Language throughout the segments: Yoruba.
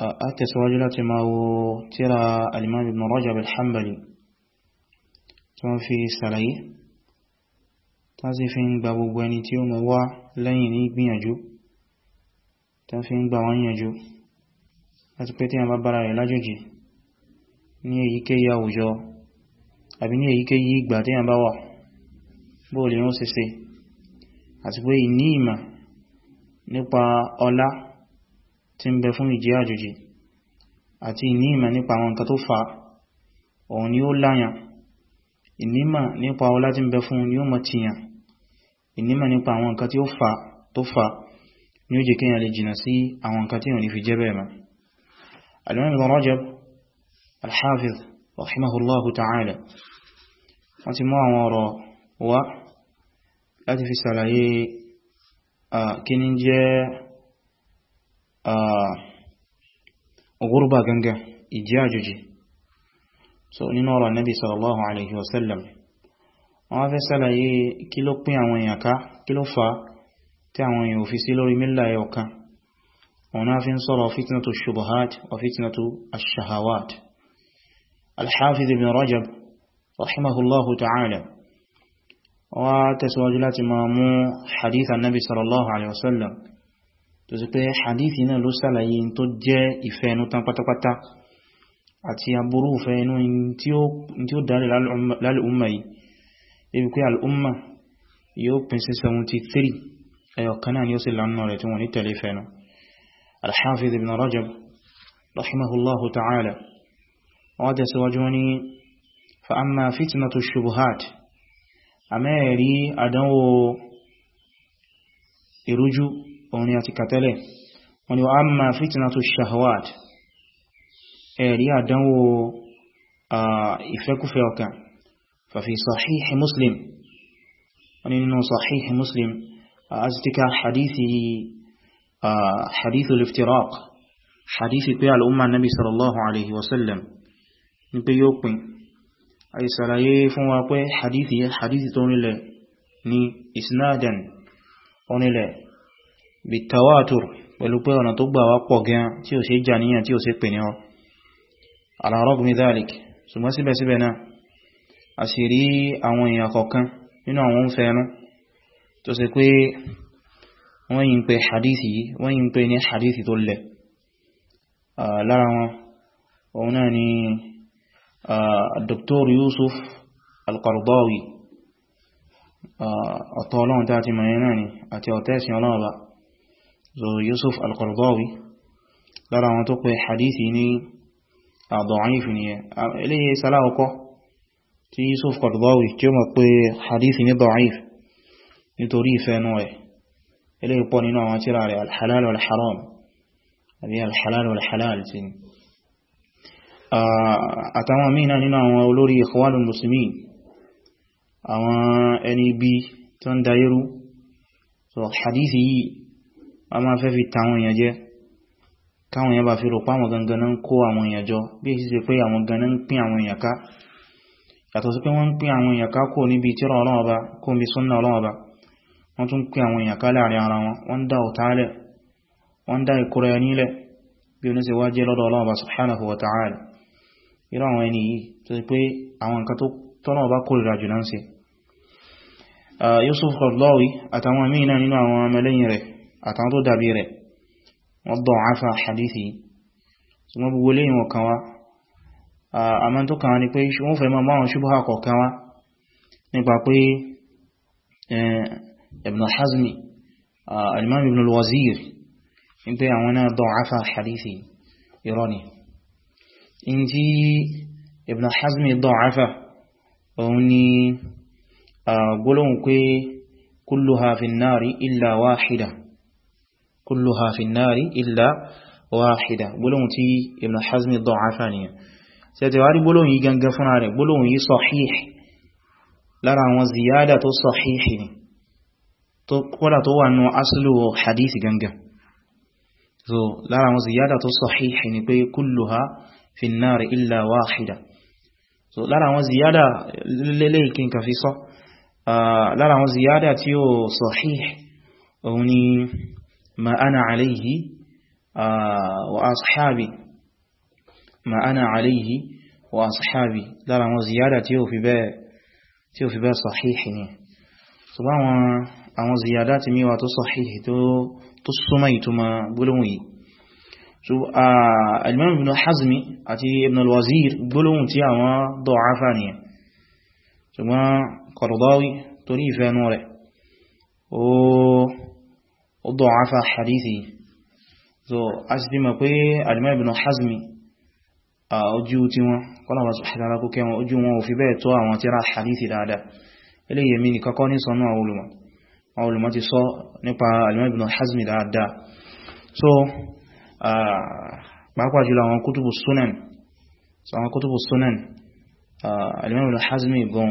أتسواجي لاتي ما هو ترى الإمام ابن رجب الحنبلي ثم في سلاي تازفين باب بوانيتي وموا لين بيانجو تازفين بوانيانجو أتبتي أن بابرا يلاجوجي ní èyíkéyìí àwùjọ àbí ní èyíkéyìí ìgbà tí a bá wà bóòlì rán ṣeṣe àti pé ìní ìmà nípa ọlá tí ń bẹ fún ìjì àjòjì àti ìníìmà nípa àwọn nǹkan tó fà òun ni ó láyàn ìníìmà nípa ọlá tí ń bẹ fún ni ó mọ̀ tìyàn ìníìmà nípa àwọn nǹkan tí ó fà tó fà ni ó jẹ́ kéèyàn lè jìnà sí àwọn nǹkan tí òun ní fi jẹ́ bẹ́ẹ̀ mọ́ ta'ala wọ́n ti mọ́ àwọn ọ̀rọ̀ wá láti غربة غنغا إجاججي so nínú ọ̀rọ̀ Nabi sallallahu alaihi wasallam wọ́n fẹ́ ṣàlàyé kí ló pín àwọn èèyàn ká kí ló fa tí àwọn èèyàn ò fi sí lórí mílà ẹ̀yọ̀ kan ọ̀nà fi ń sọ́rọ̀ fitnatu shubuhat wa ashahawat al ibn Rajab rahimahullahu ta'ala wọ́n tẹ̀síwájú láti máa mú hadith annabi sallallahu alaihi wasallam tó sì pé hadithi náà ló sàlàyé tó jẹ́ ìfẹ́ ẹnu tán pátápátá àti aburú ìfẹ́ ẹnu tí ó dáre lálùmọ̀ yìí ebi pé al'umma yóò pín sí 73 ẹyọkan náà ni ó sì lánà rẹ̀ tí wọ́n ní tẹ̀lé fẹ́nu al orin àti kàtẹ́lẹ̀ wọ́n ni wa amma fitnatu shahawat ẹ̀rí àdánwò ìfẹ́kúfẹ́ ọkàn fàfi sahihi muslim wọ́n ni nínú sahihi muslim a zitika hadithi hadithu liftiraq hadithi pé al'umma nabi sallallahu alaihi wasallam ni pé yóò pin a ìsàlàyé fún wa pé hadithi tó nílẹ̀ ni isnadan onílẹ̀ bí tawatur pẹ̀lú pé ọ̀nà tó gbà wá pọ̀ gan tí ó ṣe jàníyàn tí ó ṣe pè ní ọ ala rogmi dhalik ṣùgbọ́n síbẹ̀síbẹ̀ náà a sì rí àwọn èèyàn kọ̀ọ̀kan nínú àwọn ń fẹ́ẹ̀nú tó ṣe pé wọ́n yí ń pè hadithi wọ́n yí ń pè ní hadithi tó lẹ̀ lára wọn òun náà ni dr yusuf al ọ̀tọ̀ ọlọ́run tí a ti mọ̀ yẹn náà ni àti ọ̀tẹ́sìn ọlọ́run so Yusuf al-Qaradawi lára wọn tó pẹ hadithi ní àdọ̀ọ̀yìn ni eléyìí sálá ọkọ́ tí Yusuf al-Qaradawi tí ó mọ̀ pé hadithi ní dọ̀ọ̀yìn nítorí ìfẹ́nu ẹ̀ eléyìí pọ̀ nínú àwọn tíra rẹ̀ al-halal wal-haram àbí al-halal wal-halal ti ni àtàwọn míì náà nínú àwọn olórí Ikhwanul Muslimin àwọn ẹni bí tó ń dayérú so hadithi yìí a máa fẹ́ fi tàwọn èèyàn jẹ káwọn èèyàn bá fi rò páwọn gangan ń kó àwọn èèyàn jọ bí i ṣe pé àwọn gangan ń pín àwọn èèyàn ká yàtọ̀ sí pé wọ́n ń pín àwọn èèyàn ká kò níbi tírà Ọlọ́run Ọba kó níbi súnnà Ọlọ́run Ọba bí oní ah, Yusuf Qaradawi àtàwọn míì náà nínú àwọn ọmọlẹ́yìn rẹ̀ àtàwọn tó dàbí rẹ̀ wọ́n dọ̀ áfà hadithi tí wọ́n gbogbo léyìn ọ̀kan wá a mọ́ tó kàn wá ní pé wọ́n fẹ́ máa wọn ṣubú àkọ̀ kan wá nípa pé ibn hazmi alimam ibn al-wazir ní pé àwọn náà dọ̀ áfà hadithi irọ́ ni in tí hazmi dọ̀ áfà òun ni gbólóhùn pé kulluha fi an-nari illa wahida كلها في النار إلا واحدة بلون تي ابن حزم الضعفانية سيتواري بلون يغن غفناري بلون يصحيح لرا وزيادة صحيح قول تو أنه أصل حديث غنغ so lára wọn ziyada tó sọ̀híhì ni pé kulluha fi an-nar illa wahida so lára wọn ziyada lélẹ̀ ìkín kàfí sọ lára wọn ziyada tí ó sọ̀híhì ما أنا عليه وأصحابي ما أنا عليه وأصحابي lára wọn ziyada tí ó fi bẹ́ sọ̀híhì ni so bá wọn àwọn ziyada ti míwa tó sọ̀híhì tó súnmọ́ ìtumọ̀ gbólóhùn yìí so al-Imam Hazmi àti ibn al gbólóhùn tí àwọn dọ̀áfà ni ṣùgbọ́n Qaradawi torí ìfẹ́ ẹnu rẹ̀ ooo ó dọ̀wáfà hadithi so a sì ti mọ̀ pé alimọ́ ibn hazmi a ojú tí wọ́n kọ́lọ̀wà sọ̀hìdára kó kẹwọn ojú wọn ò fi bẹ́ẹ̀ tó àwọn tíra hadithi dáadáa ilé yẹmi ni kọ́kọ́ ní sọ́nà olùmọ̀ olùmọ̀ ti so pàápàá jùlọ àwọn kútùbù sunan àwọn kútùbù sunan alimọ́ ibn hazmi gan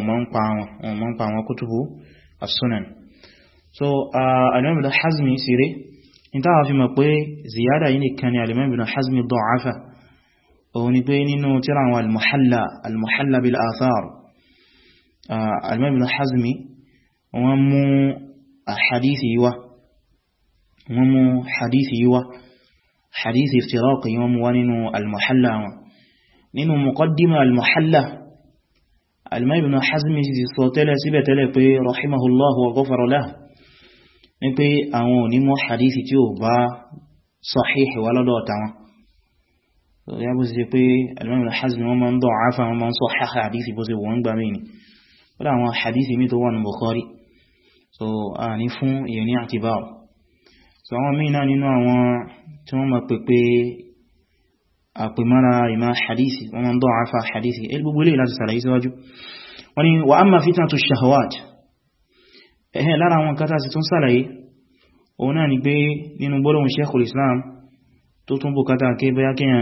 as-sunan so alimam ibn hazmi sire in ta fi ma pé ziyada yìí nìkan ni alimam ibn hazmi da'afa o ni pé nínú tíra àwọn al-muhalla al-muhalla bil athar alimam ibn hazmi wọ́n mú hadithi yíwa wọ́n mú hadithi yíwa hadithi iftiraqi wọ́n mú wá nínú al-muhalla wọn nínú muqaddima al-muhalla alimam ibn hazmi sọ tẹ́lẹ̀ síbẹ̀ tẹ́lẹ̀ pé rahimahullahu wa ghafara lahu ní pé àwọn onímọ̀ hadithi tí ó bá sahihi wá lọ́dọ̀ tàwọn ya bó sì jẹ́ pé alimọ́mọ̀ hajji wọ́n ma ń dọ̀ afá wọ́n ma ń sọ ha hadithi bó sì wọ́n gbà ni wọ́n àwọn hadithi mi tó wà ní Bukhari so a ní fún ìyẹn àti bá so àwọn míì náà nínú àwọn tí wọ́n ma pè pé àpèmára ìmá hadithi wọ́n ma ń dọ̀ afá hadithi gbogbo ilé láti sàlàyé síwájú wọ́n ni wa amma fitnatu shahawat ẹ̀hẹ́ lára àwọn kátà sí tún sàlàyé òun náà ni pé nínú gbọ́lọ̀un Sheikhul Islam tó tún bukata kí bá kíyàn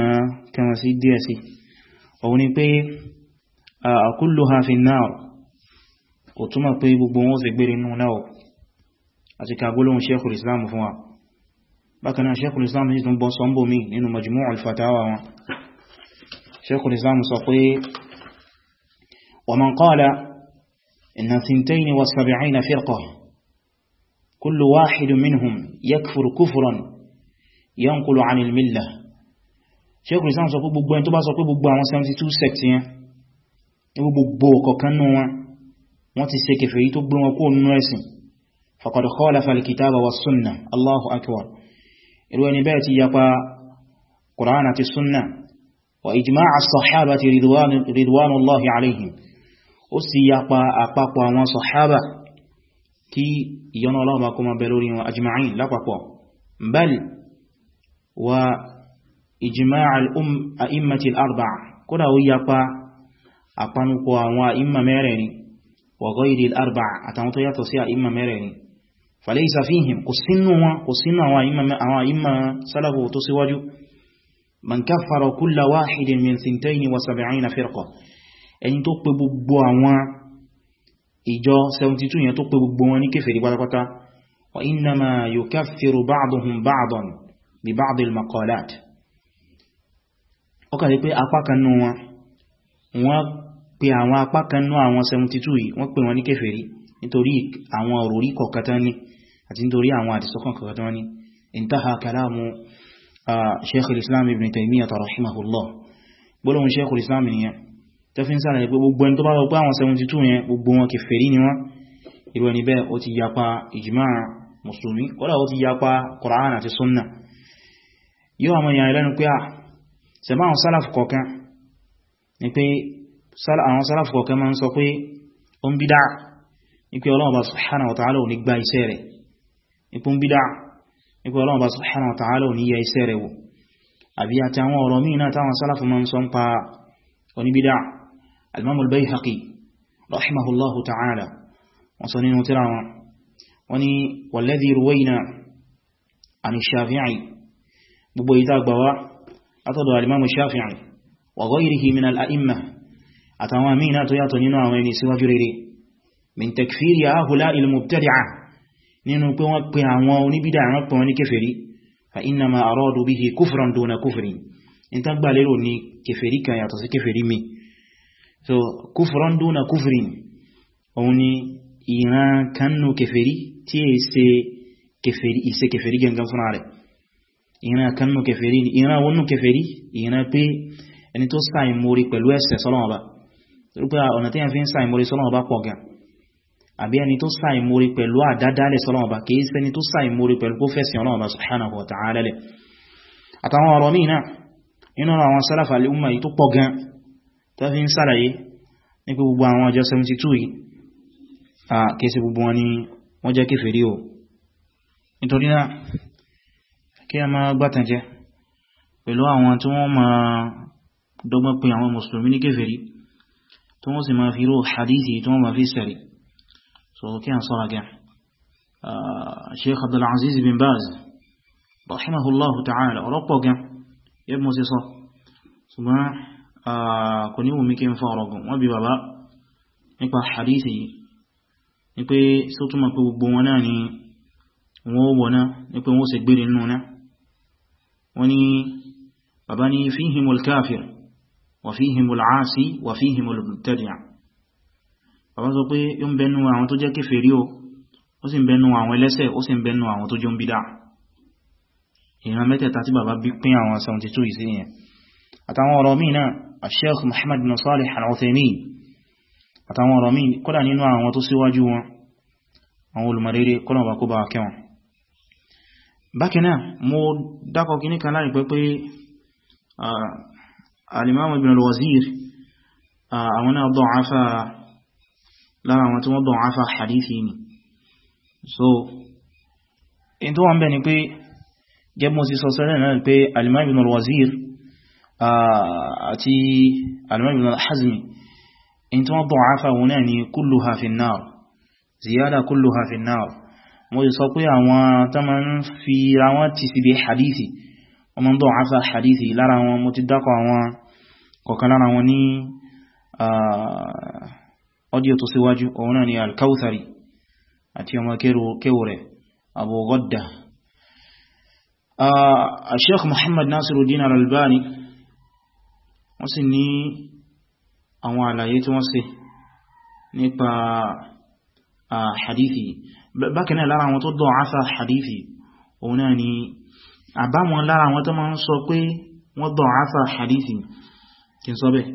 kẹwàá sí díẹ̀ sí òun ni pé kulluha fin nar إن ثنتين وسبعين فرقة كل واحد منهم يكفر كفرا ينقل عن الملة شيخ الإسلام sọ pé gbogbo ẹni tó bá sọ pé gbogbo àwọn 72 sect yẹn ní gbogbo ọ̀kọ̀kan nù wọn wọ́n ti ṣe kèfèrí tó gbé wọn kó nínú ẹ̀sìn faqad khalafa al-kitaba was-sunnah Allahu akbar irú ẹni bẹ́ẹ̀ ti yapa Qur'an àti sunnah wa ijma'a as-sahabati ridwanullahi alayhim ó sì yapa àpapọ̀ àwọn sọ̀hábà kí ìyọ́nà ọlọ́ọ̀bá kó máa bẹ lórí wọn ajma'in lápapọ̀ bal wa ijma' al-a'immati um, al-arba'a kódà ó yapa àpanupọ̀ àwọn a'imma mẹ́rẹ̀ẹ̀rin wa ghayri al-arba'a àtàwọn tó yàtọ̀ sí a'imma mẹ́rẹ̀ẹ̀rin falaysa fihim kò sínú wọn kò sínú àwọn a'imma ẹni tó pè gbogbo àwọn ìjọ 72 yẹn tó pè gbogbo wọn ní kèfèrí pátápátá wa innama yukaffiru ba'duhum ba'dan bi ba'dil maqalat ó kàrí pé apákanú wọn wọ́n pè àwọn apákanú àwọn 72 yìí wọ́n pè wọn ní kèfèrí nítorí àwọn òròrí kọ̀kátán ní àti nítorí àwọn àdìsọ́kàn kọ̀kátán ní intaha kalamu ah, sheikhul islam ibn taymiyyah rahimahullah gbọ́lọ́hun sheikhul islam nìyàn tẹ́fí ń sára ní pé gbogbo ẹni tó bá lọ pé àwọn 72 yẹn gbogbo wọn kèfèrí ni wọ́n irú ẹni bẹ́ẹ̀ ó ti yapa ìjìmá mùsùlùmí kọ́lá ó ti yapa Kùránì àti súnnà yóò àmọ́ ìyàn ìlẹ́nu pé à sẹ́mọ́ àwọn sálàfù kọ̀ọ̀kan ni pé àwọn sálàfù kọ̀ọ̀kan máa ń sọ pé ó ń bídá ní pé Ọlọ́run bá subhanahu wa ta'ala ò ní gba oníbídá الإمام البيهقي رحمه الله تعالى وصنين وترعى وني والذي روينا عن الشافعي ببيتاك بواء أتضع الإمام الشافعي وغيره من الأئمة أتوامين أتياتنين وعوين سوى جريري من تكفير هؤلاء المبتدعة نينو كوا كوا وني بدعة كوا كفري فإنما أرادوا به كفرا دون كفر إن تقبل لني كفري كان يعتصي كفري مي so kúfùrán dúnà kúfùrín òun ni ìran kanú kèfèrí tí è ṣe kèfèrí ìṣe kèfèrí gangan fúnra rẹ̀ ìran kanú kèfèrí ni ìran wọnú kèfèrí ìran pé ẹni tó sáì mórí pẹ̀lú ẹsẹ̀ sọ́lọ́wọ́ba rúgbà ọ̀nà tí a fi ń sáì mórí sọ́lọ́wọ́ba pọ̀ gan àbí ẹni tó sáì mórí pẹ̀lú àdádálẹ̀ sọ́lọ́wọ́ba kìí ṣẹni tó sáì mórí pẹ̀lú kó fẹ́sìn ọlọ́wọ́ba subhanahu àtàwọn ọ̀rọ̀ míì náà àwọn sálàfà lè umma yìí tó pọ̀ gan tó fi ń sàlàyé ní pé gbogbo àwọn ọjọ́ 72 yìí a kéèsì gbogbo wọn ni wọ́n jẹ́ kèfèrí o nítorí náà kí a máa gbátẹ̀jẹ́ pẹ̀lú àwọn tí wọ́n máa dọ́gbọ́n pé àwọn mùsùlùmí ní kèfèrí tó wọ́n sì máa fi ró hadithi tó wọ́n máa fi sẹ̀rí so kí a sọ́ra gẹ́ Sheikh Abdul Ah, kò ní wùmí kí n fa ọ̀rọ̀gùn wọ́n bí bàbá nípa hadisi yìí ní pé só túnmọ̀ pé gbogbo wọn náà ni wọ́n wọ̀ náà ní pé wọ́n sì gbére nínú náà wọ́n ni bàbá ni fíhimul káfir wà fíhimul aasi wà fíhimul mubtadi' bàbá sọ pé yóò ń bẹnu àwọn tó jẹ́ kéfèrí o ó sì ń bẹnu àwọn ẹlẹ́sẹ̀ ó sì ń bẹnu àwọn tó jọ ń bídá ìran mẹ́tẹ̀ẹ̀ta tí bàbá bí pín àwọn 72 ìsìn àtàwọn ọ̀rọ̀ míì náà الشيخ محمد بن صالح العثيمين àtàwọn ọ̀rọ̀ míì kódà nínú àwọn tó síwájú wọn àwọn olùmọ̀rere kọ́lọ̀ bá kó bá kẹwọn bákan náà mo dákọ̀ kí níkan láì pẹ́ pé alimamu ibn al-wazir àwọn náà da'afa lára àwọn tí wọ́n da'afa hadithi ni so in tó wọ́n bẹ̀ ni pé gẹ́gbọ́n sí sọ sẹ́rẹ̀ náà pé alimamu ibn al-wazir àti alimam ibn al-hazmi in tí wọ́n bọ̀ áfà wọn náà ni kulluha fin nar ziyada kulluha fin nar mo yí sọ pé àwọn tó ma ń fi ra wọn ti síbi hadithi wọ́n ma ń áfà hadithi lára wọn mo ti dákọ̀ àwọn kọ̀kan lára wọn ní ọdíò tó síwájú òun náà ni al àti ọmọ kéwòrẹ̀ abu ghadda الشيخ محمد ناصر الدين الألباني wọ́n sì ní àwọn àlàyé tí wọ́n ṣe nípa hadithi bákan náà lára àwọn tó dọ̀ áfà hadithi òun náà ni àbáwọn lára àwọn tó máa ń sọ pé wọ́n dọ̀ áfà hadithi kí n sọ bẹ́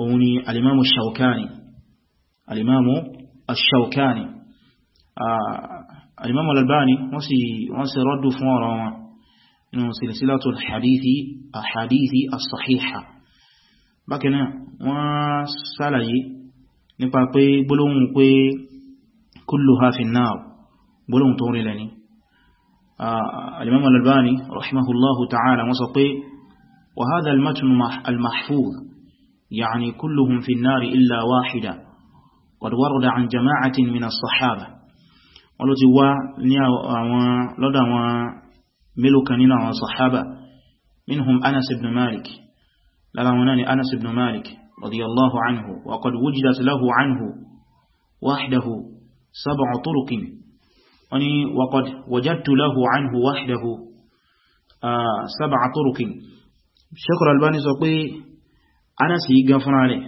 òun ni alimamu shaukani alimamu shaukani alimamu albani wọ́n sì rọ́dù fún ọ̀rọ̀ wọn inú silsilatul hadithi as-sahiha bákanáà wọ́n sálàyé nípa pé gbólóhùn pé kúlù fin náà gbólóhùn tó rí alimọ́mọ̀ imam al-Albani rahimahullahu ta'ala wọ́n sọ pé wa hádà almatun al ya ni kúlù hun fi náà rí illa wahida qad warada 'an jama'atin min as-sahaba wọ́n ló ti wá ní àwọn lọ́dọ̀ àwọn mélòó kan nínú àwọn sahaba minhum Anas ibn Malik lára wọn náà ni anas ibn malik radiyallahu anhu wa qad wujidat lahu anhu wahdahu sab'u turuqin wani wa qad wajadtu lahu anhu wahdahu sab'a turuqin shaykh al-albani sọ pé anas yìí gan fúnra rẹ̀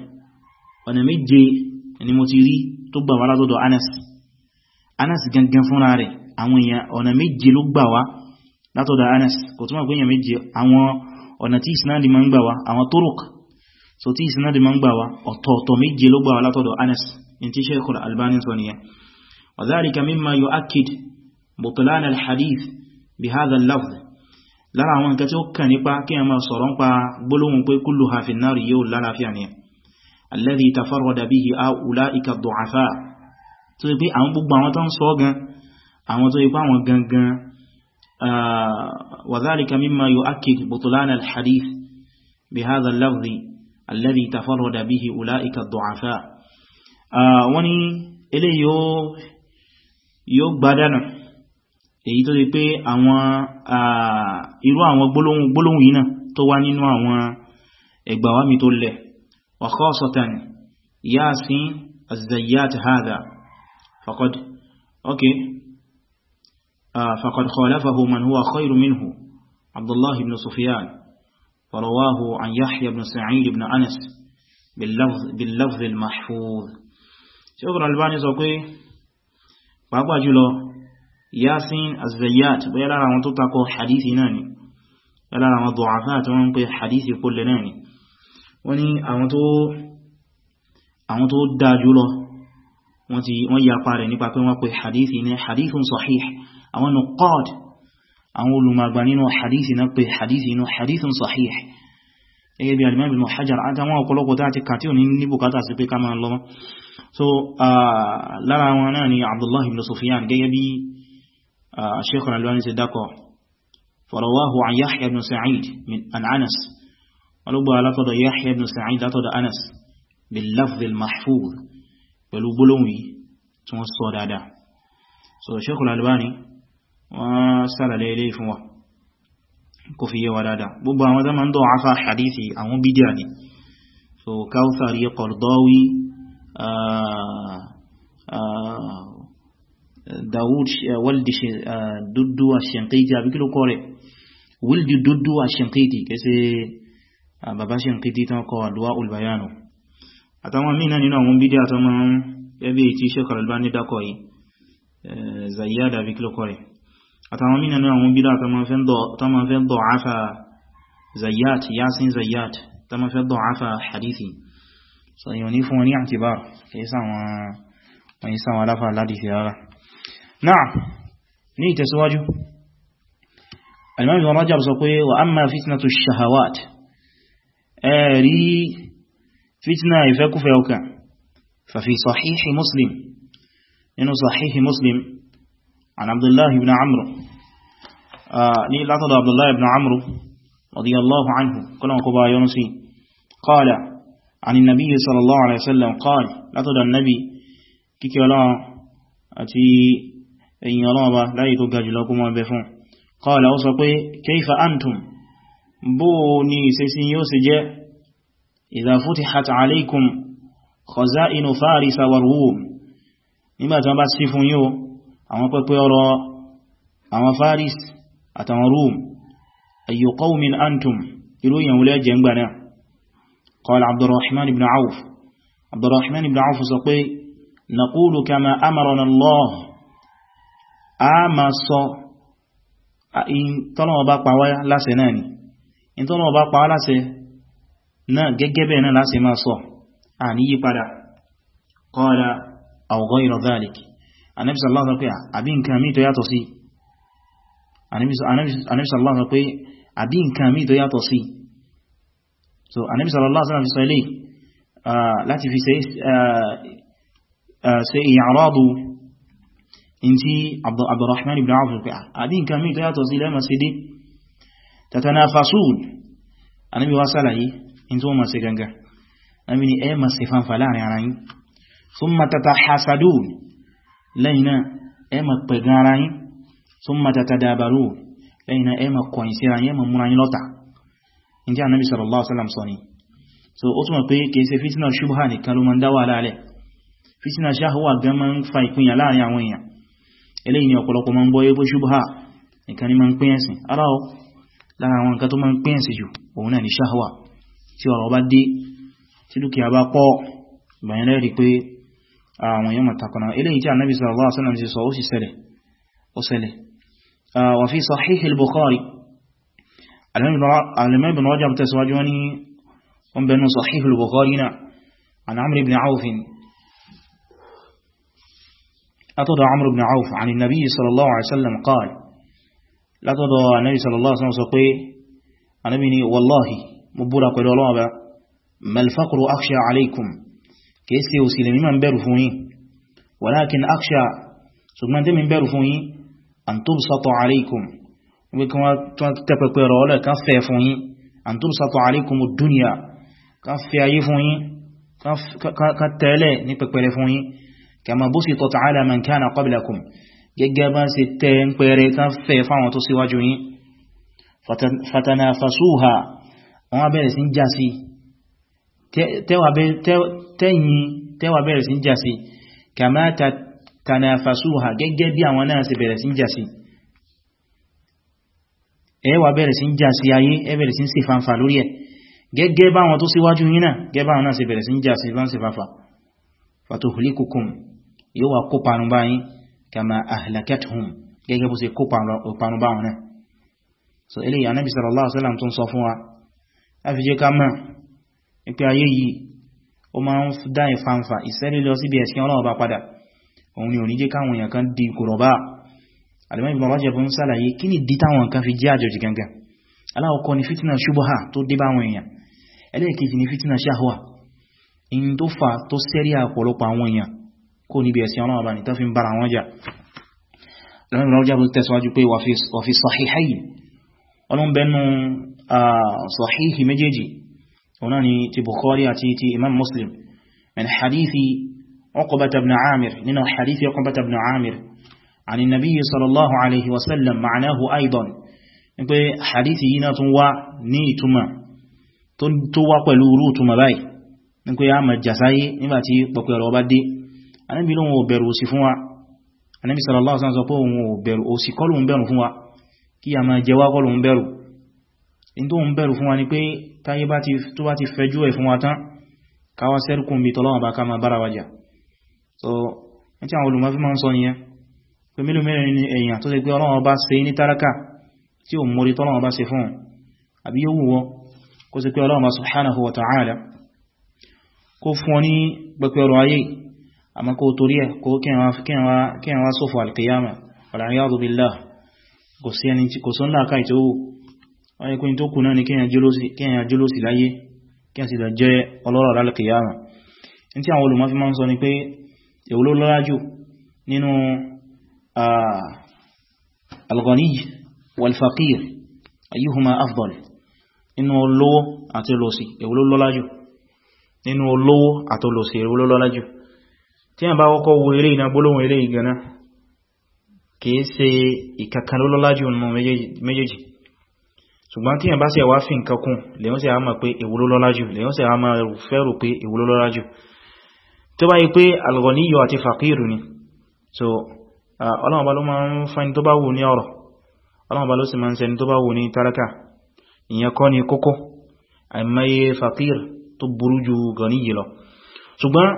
ọ̀nà méje ni mo ti rí tó gbà wá látọ̀dọ̀ anas anas gangan fúnra rẹ̀ àwọn èèyàn ọ̀nà méje ló gbà wá látọ̀dọ̀ anas kò túnmọ̀ pé èèyàn méje àwọn ọ̀nà tí isnadi ma ń gbà wá àwọn turuq so tí isnadi ma ń gbà wá ọ̀tọ̀ọ̀tọ̀ méje ló gbà wá látọ̀dọ̀ Anas in ti Shaykhul Albani sọ nìyẹn wa dhalika mimma yu'akkid butlan al-hadith bi hadha al-lafz lára àwọn nǹkan tí ó kàn nípa kí a máa sọ̀rọ̀ pa gbólóhùn pé kulluha fi an-nar yóò lálàáfíà ni alladhi tafarrada bihi ulaika ad-du'afa tó yẹ pé àwọn gbogbo àwọn tó ń sọ gan àwọn tó yẹ pé àwọn gangan وذلك مما يؤكد بطلان الحديث بهذا اللفظ الذي تفرد به أولئك الضعفاء وني إليه يقبدنا èyí tó di pé àwọn irú àwọn gbólóhùn yìí náà tó wá nínú àwọn ẹgbàwámi tó lẹ̀ wa khasatan Yasin az-Zayyat hadha faqad okay آه، فقد خالفه من هو خير منه عبد الله بن سفيان ورواه عن يحيى بن سعيد بن أنس باللفظ, باللفظ المحفوظ شكرا الباني سوقي بابا جلو ياسين الزيات بيلا رمضان تطاقو حديث ناني بيلا رمضان ضعفات ونقي حديث كل ناني وني أمتو أمتو dáa jùlọ wọ́n ti wọ́n yapa rẹ̀ حديث pé wọ́n pe àwọn nuqad àwọn olùmọ̀gbà nínú hadithi náà pé hadithi inú hadithun sahih gẹ́gẹ́ bí alimọ́ ibn Hajar àtàwọn ọ̀pọ̀lọpọ̀ tàà ti kàtí ò ní ní bùkátà sí pé ká máa lọ́mọ́ so lára wọn náà ni Abdullah ibn Sufyan gẹ́gẹ́ bí Sheikh al-Albani ti dákọ̀ farawahu an Yahya ibn Sa'id an Anas olugbo alatọ́dọ̀ Yahya ibn Sa'id látọ́dọ̀ Anas bil lafz al-mahfuz pẹ̀lú gbólóhùn yìí tí wọ́n sọ dáadáa so Sheikh al wọ́n sàlàyé ilé fún wa kò fi yé wa dáadáa gbogbo àwọn zama ń dọ̀ afá hadithi àwọn bídíà ni so Kawthari Qardawi ah, ah, Dawud waldi ah, Duddu Ash-Shinqiti àbí kílò kọ́ rẹ̀ waldi Duddu Ash-Shinqiti kẹsẹ̀ bàbá Shinqiti tán kọ Adwa'ul Bayanu àtàwọn mìíràn nínú àwọn bídíà tó máa ẹbí tí Shaykh albani dákọ̀ yìí eh, Zayyada àbí kílò kọ́ àtàwọn mìíràn ní àwọn bídá tàmà fẹ́ dọ̀ áfà zayyat yasin zayyat tàmà fẹ́ dọ̀ áfà hadithi so yíò ní fún wọn ní àti bá kìí sáwọn aláfà aládìsí ara náà ní ìtẹ̀síwájú alimami rajab sọ pé wa amma fitnatu shahawat ẹ̀rí fitna ìfẹ́kúfẹ́ ọkàn ففي صحيح مسلم إنه صحيح مسلم عن عبد الله بن عمرو ní látọ̀dọ̀ abdullahi ibn amru radiyallahu anhu kuna ko ba yon si qala an nabi sallallahu alaihi wasallam qala látọ̀dọ̀ nabi kike Ọlọ́run àti ẹ̀yìn Ọlọ́run ba láyé tó gajù lọ kuma be fún qala ó sọ pé kayfa antum bó ni ṣe sin yóò ṣe jẹ́ idha futihat alaykum khaza'inu wọ́n bá ṣí fún yín àwọn pẹpẹ ọrọ̀ àwọn faris àtàwọn rome ayyu qawmin antum irú èyàn wulẹ̀ jẹ́ ngbà náà qala abdurrahman ibn auf abdurrahman ibn auf sọ pé naqulu kama amarana allah a ma sọ ìtọ́lọ́wọ́ bá pàwá láṣẹ náà ni ìtọ́lọ́wọ́ bá pàwá láṣẹ náà gẹ́gẹ́ bẹ́ẹ̀ náà láṣẹ máa sọ a ní yí padà qala aw ghayra dhalik anẹ́bìsà láwọn pé àbí nǹkan mí yàtọ̀ sí anẹ́bìsà aláwọ̀ pé àbí nǹkan mí tó yàtọ̀ sí so anẹ́bìsà aláwọ̀ sára fi sọ ilé láti fi ṣe ìyàrọ́dù in ti abdurrahman ibn abu pé àbí nǹkan mí tó yàtọ̀ sí lẹ́mà sí dé tàtàna fasul anẹ́bì sálàyé in tí wọ́n ganga anẹ́bì ni ẹ ma fanfà láàrin ara yín thumma tatahasadun lẹ́yìn náà ẹ ثم تتدابروا لين ايما كوني سيرا يما مراني لوتا ان جاء النبي صلى الله عليه وسلم صني so o tún mọ̀ pé kìí ṣe fitna ṣubha nìkan ló ma ń dá wà láàrẹ̀ fitna ṣáhùwà gan ma ń fa ìpínyà láàrin àwọn èèyàn eléyìí ni ọ̀pọ̀lọpọ̀ ma ń bọ́ yẹ́gbó ṣubha nìkan ni ma ń pín ẹ̀sìn ara ọ lára àwọn nǹkan tó ma ń pín ẹ̀sìn jù òun náà ni ṣáhùwà tí ọ̀rọ̀ bá Ànábì sallallahu آه، وفي صحيح البخاري الإمام بن رجب تسواجوني يعني هم بأنه صحيح البخاري عن عمرو بن عوف أتضع عمرو بن عوف عن النبي صلى الله عليه وسلم قال لا تضع النبي صلى الله عليه وسلم قال أنا بني والله مبورا قد الله ما الفقر أخشى عليكم كيسي وسيلمي من بير ولكن أخشى سبنا من بير an tubsatu alaykum wípé kí wọ́n tẹ́ pẹpẹ rọ̀ ọlẹ̀ kan fẹ́ fún yín an tubsatu alaykum dunya kan fẹ́ ayé fún yín kan tẹ́lẹ̀ ní pẹpẹrẹ fún yín kama busitat ala man kana qablakum gẹ́gẹ́ bá ṣe tẹ́ ń pẹ̀rẹ kan fẹ́ fáwọn tó síwájú yín fatanafasuha tanafasuha gẹ́gẹ́ bí àwọn náà ṣe bẹ̀rẹ̀ sí jà sí ẹ wá bẹ̀rẹ̀ sí jà sí ayé ẹ bẹ̀rẹ̀ sí ṣe fanfà lórí ẹ̀ gẹ́gẹ́ bá wọn tó síwájú yín náà gẹ́gẹ́ bá wọn náà ṣe bẹ̀rẹ̀ sí ń ṣe so eléyìí anábi sallallahu alaihi wasallam tó ń sọ fún wa láti jẹ́ ká mọ̀ ìpé ayé yìí ó máa ń òun ni ò ní jẹ́ káwọn èèyàn kan di kòrọ̀bá Al-Imam Ibn Rajab fún sàlàyé kí ni dí táwọn kan fi jẹ́ àjòjì gangan aláwọ̀kọ́ ni fitna ṣubha tó dé bá àwọn èèyàn ẹlẹ́ẹ̀kejì ni fitna shahwa in tó fa tó sẹ́rí àpọ̀lọpọ̀ àwọn èèyàn kó níbi ẹ̀sìn ọlọ́wọ́ bá ní tó fi ń bára wọn jà Al-Imam Ibn Rajab tẹ̀síwájú pé wa fi sahihayn ọlọ́mbẹ́nu sahihi méjèèjì òun náà ni ti Bukhari àti ti Imam Muslim min hadithi عقبة بن عامر من حديث عقبة بن عامر عن النبي صلى الله عليه وسلم معناه أيضا حديثي هنا تنوى نيتما تنوى قلوروتما باي nígbé ya mọ̀ jàsáyé nígbàtí pọ̀pẹ̀ ọ̀rọ̀ bá dé anábi lóhun ò bẹ̀rù òsì fún wa anábi sallallahu alaihi wasallam sọ pé òun ò bẹ̀rù òsì kọlù ń bẹ̀rù fún wa kí a máa jẹwa kọlù ń bẹ̀rù in tó ń bẹ̀rù fún wa ni pé táyé tó bá ti fẹjú ẹ̀ fún wa tán káwa sẹ́rùkùn bí tọ́lọ́wọ́n bá ká máa bára wájà so ẹn tí àwọn olùmọ̀ fi máa ń sọ nìyẹn pé mélòó mẹ́rin ni èèyàn tó ṣe pé Ọlọ́run ọba ṣe ní tálákà tí ò mórí tọ́lọ́run ọba ṣe fún àbí yóò wù kó ṣe pé Ọlọ́run subhanahu wa ta'ala kó fún ọ ní pẹ̀pẹ̀ a ayé àmọ́ kó torí ẹ̀ kó kíyànwá sófò alkiyama wal-'iyadhu billah kò sí ẹni tí ni tí àwọn èwo ló lọ́lá jù nínú al-ghaniy wal-faqir ayyuhuma afdal nínú olówó àti olòṣì èwo ló lọ́lá jù nínú olówó àti olòṣì èwo ló lọ́lá jù tí a bá kọ́kọ́ wo eré iná gbólóhùn eré ìgànná kìí ṣe ìkankan ló lọ́lá jù nínú méjèèjì ṣùgbọ́n tí a bá ṣe wá fi nǹkan kún lèyàn ṣe a máa pé èwo ló lọ́lá jù lèyàn a máa fẹ́rò pé èwo ló tó bá yí pé alghaniyu àti faqiru ni so ọlọ́wọ́ bá ló máa ń fẹ́ni tó bá wù ní ọ̀rọ̀ ọlọ́wọ́ bá ló sì máa ń sẹni tó bá wù ní tálíkà ìyẹn kọ́ ni kókó àìmọye faqir tó burú ju ghaniyu lọ ṣùgbọ́n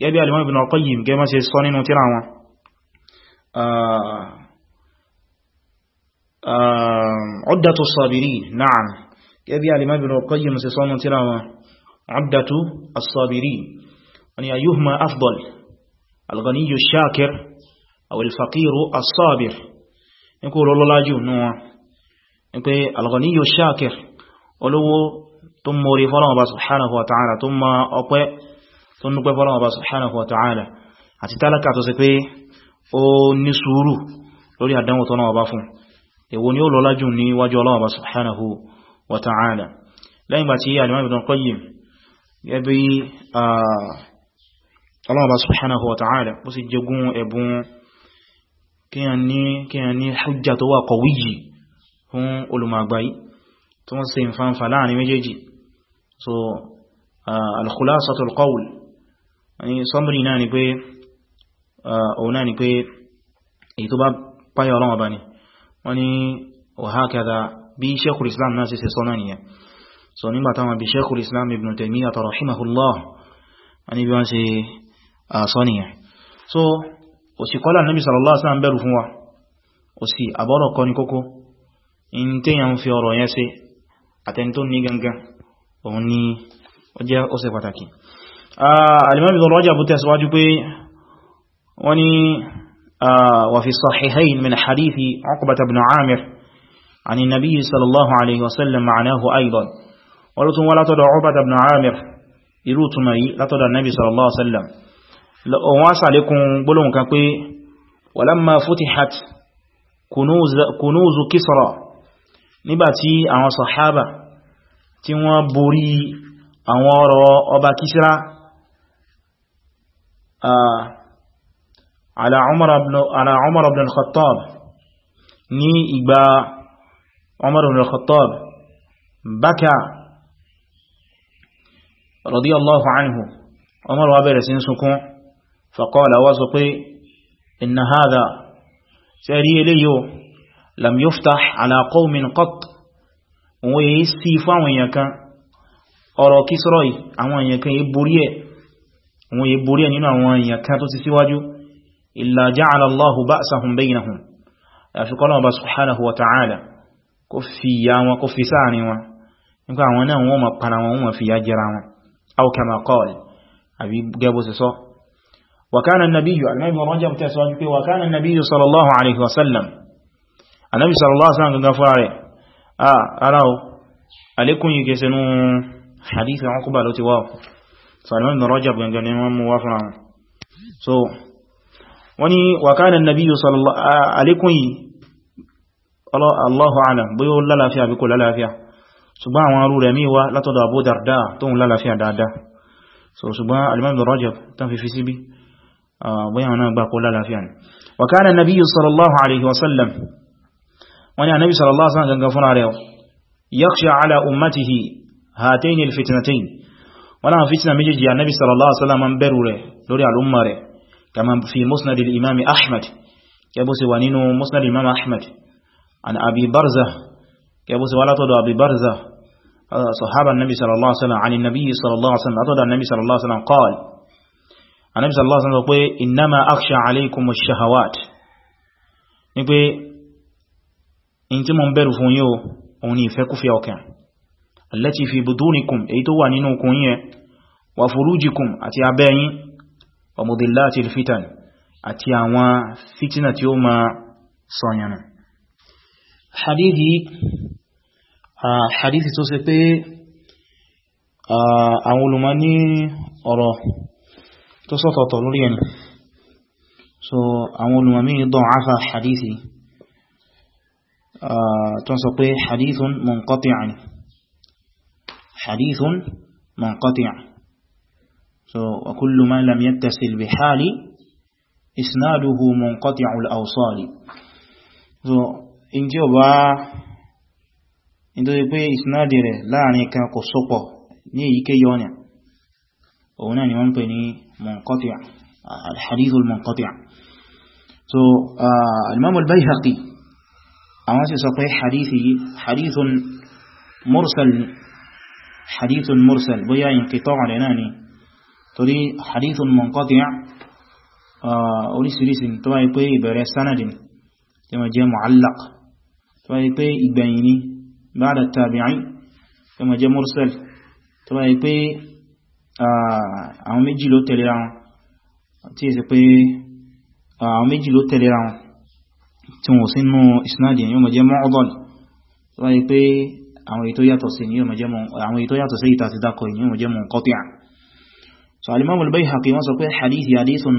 gẹ́bí alimọ́ ibn al-Qayyim gẹ́mọ́ ṣe wọ́n ni ayuhuma afdal alganiyu shakir awil faqiru as-sabir ní kó lọ́lọ́lájú níwọ̀n ní pé alganiyu shakir olówó tó mọ̀rí fọ́lọ́wọ́ subhanahu wa ta'ala tó ma ọpẹ́ tó núpẹ́ fọ́lọ́wọ́ subhanahu wa ta'ala àti tálákà tó sì pé ó ní sùúrù lórí àdánwò tó náà bá fún èwo ni ó lọ́lájú níwájú ọlọ́wọ́ gẹ́bí ọlọ́ọ̀bá subhanahu wa ta'ala bó sì jẹgún ẹ̀bùn kíyàn ní hujja tó wà kọ̀wíyì fún olùmọ̀gbáyí tó wọ́n ṣe ìfànfà láàrin méjèèjì so al-khulasatul qawl ni sọmbrì náà ni pé òun náà ni pé èyí tó bá páyà ọlọ́wọ́ bá ni wọ́n ni wa hakadha bí shaykhul islam náà sì ṣe sọ náà nìyẹn so nígbàtàwọn bí shaykhul islam ibn taymiyyah rahimahullah wọ́n ni bí wọ́n ṣe sọ́nìyàn so òsìkọ́lá Nabi sallallahu alaihi wasallam bẹ̀rù fún wa òsì àbọ́rọ̀ kọ́ ní kókó in tí yà ń fi ọ̀rọ̀ yẹn sí àtẹni tó ní gangan òun ni ó jẹ́ ó ṣe pàtàkì al-Imam wọ́n ni wa ibn Amir عن النبي صلى الله عليه وسلم معناه أيضا ولتن ولا تدعو عبد بن عامر يروتنا لتدعو النبي صلى الله عليه وسلم òun á sàlékún gbólóhùn kan pé walamma futihat kunuzu kisra nígbàtí àwọn sàhábà tí wọ́n borí àwọn ọ̀rọ̀ ọba kisra ala umar ibn al-khattab ní ìgbà umar ibn al-khattab baka radiyallahu anhu umar wa sí sunkún فقال وزقي إن هذا سأري لي لم يفتح على قوم قط ويسيف ويكا ọ̀rọ̀ kísọ́rọ̀ yìí àwọn èèyàn kan yìí borí ẹ̀ wọn yìí borí ẹ̀ nínú àwọn èèyàn kan tó ti síwájú illa ja'ala Allahu ba'sahum baynahum àfikọ́lọ̀ ọba subhanahu àbí gẹ́bọ́ sí sọ́ وكان النبي النبي رجب تسواجك وكان النبي صلى الله عليه وسلم النبي صلى الله عليه وسلم غفار اه اراو عليكم يكسنو حديث عقبه لو تواو فالمن بن رجب كان امام وافر سو وني وكان النبي صلى الله عليكم الله اعلم بيو لا لا فيها بكل لا فيها ṣùgbọ́n àwọn arú rẹ̀ míwá látọ̀dọ̀ Abu Darda tó ń lálàáfíà dáadáa so ṣùgbọ́n alimam bin Rajab tán fi fi síbí bóyá wọn náà gbà kó lálàáfíà ni wa kana an-nabiyyu sallallahu alaihi wasallam wọ́n ni ànábì sallallahu alaihi wasallam gangan fúnra rẹ̀ yakhsha ala ummatihi hataini al-fitnatayn wọ́n láwọn fitna méjèèjì ànábì sallallahu alaihi wasallam ń bẹ̀rù rẹ̀ lórí al'umma rẹ̀ kama fi musnad al-imam ahmad kẹbù sí wà nínú musnad al-imam ahmad an abi barza kẹbù sí wà látọ̀dọ̀ abi barza sahaba annabi sallallahu alaihi wasallam an annabi sallallahu alaihi wasallam látọ̀dọ̀ annabi sallallahu alaihi wasallam qala Ànábì sallallahu alaihi wasallam sọ pé innama akhsha alaykum ash-shahawat ní pé in tí mo ń bẹ̀rù fún yíò òun ni ìfẹ́kúfẹ́ ọkàn allati fi budunikum èyí tó wà nínú okùn yẹn wa furujikum àti abẹ́yìn wa mudillati al àti àwọn fitina tí ó ma sọ̀yànà hadithi tó ṣe pé àwọn olùmọ̀ ní ọ̀rọ̀ tó sọ́tọ̀ọ̀tọ̀ lórí ẹni so àwọn olùmọ̀mí dán afá hadithi ah, tó sọ pé hadithun munqati'an hadithun munqati'an so wa kullu ma lam yattasil bi hali isnaduhu munqati'ul awsali so in ji o ba nítorí pé ìsinádì rẹ̀ láàrin kan kò sọpọ̀ òun náà ni wọ́n pè ní منقطع الحديث المنقطع so الإمام البيهقي àwọn sì sọ pé hadithi hadithun mursal hadithun mursal bóyá inqita' rẹ̀ náà ni torí hadithun munqati' orísìírísì tó wáyé pé ìbẹ̀rẹ̀ sanadin tí wọ́n jẹ́ mu'allaq tó wáyé pé ìgbẹ̀yìn ni ba'da tabi'i tí wọ́n jẹ́ mursal tó wáyé pé Ah, àwọn méjì ló tẹ̀lera wọn tí è sì pé ah, àwọn méjì ló tẹ̀lera wọn tí wọ́n sínú isnadi yíò mọ̀jẹ́ mọ́ọ̀dọ́l tó wáyé pé àwọn èyí tó yàtọ̀ sí yíò mọ̀jẹ́ mọ̀ kọ́tíà so al-Imam al-Bayhaqi wọ́n sọ pé hadithi hadithun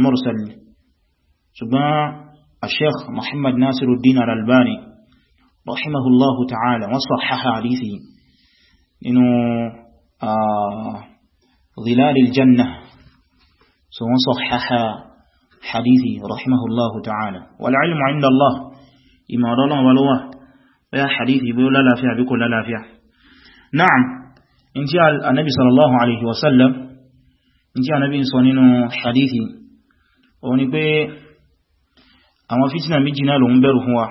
ظلال الجنة سوى صحح حديثي رحمه الله تعالى والعلم عند الله إما رلم بلوه ويا حديثي بيو لا لا فيها بيكو لا فيها نعم انتهى النبي صلى الله عليه وسلم انتهى النبي صنين حديثي ونبي، أما fitna méjì náà ló على bẹ̀rù fún wa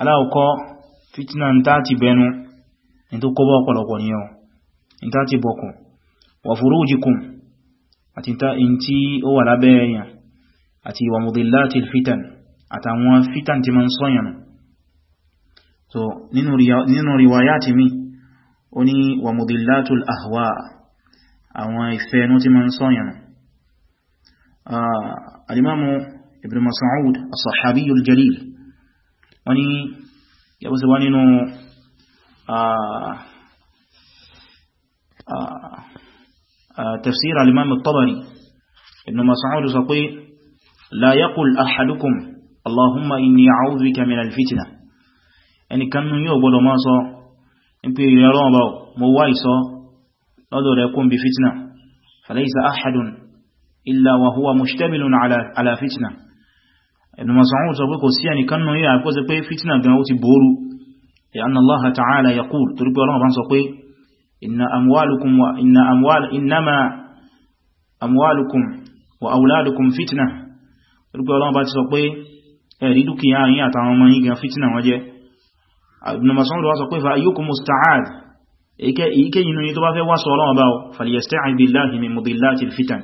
aláwọ̀kọ́ fitna ń tá ti bẹnu ní tó kọ́ bọ́ ọ̀pọ̀lọpọ̀ ní wa furujikum àti ta in tí ó wà lábẹ́ èyàn àti wa mudillati alfitan àtàwọn fitan tí man sọ́yàn so nínú riwayati mi ó ní wa mudillatu alahwa àwọn ìfẹ́nú tí man sọ́yàn alimamu ibn mas'ud as-sahabiyyul jalil wani yabo se wa nínú آه، تفسير الإمام الطبري ابن مسعود سقي لا يقول أحدكم اللهم إني أعوذ بك من الفتنة يعني كان يقول ما صار إنكي يرابا مويسا نظر يكون بفتنة فليس أحد إلا وهو مشتمل على على فتنة ابن مسعود سقي يعني كان يقول فتنة قنوة بورو لأن الله تعالى يقول تربي الله سقي إن أموالكم وإن أموال إنما أموالكم وأولادكم فتنة ربي الله باتي sọ pé ẹ̀rí dúkìá yín àtàwọn ọmọ yín gan fitna wọ́n jẹ́ Ibn Mas'ud wá sọ pé fa ayyukum musta'ad ike ike yinu ni tó bá fẹ́ wá sọ Ọlọ́run ba o falyasta'id billahi min mudillati alfitan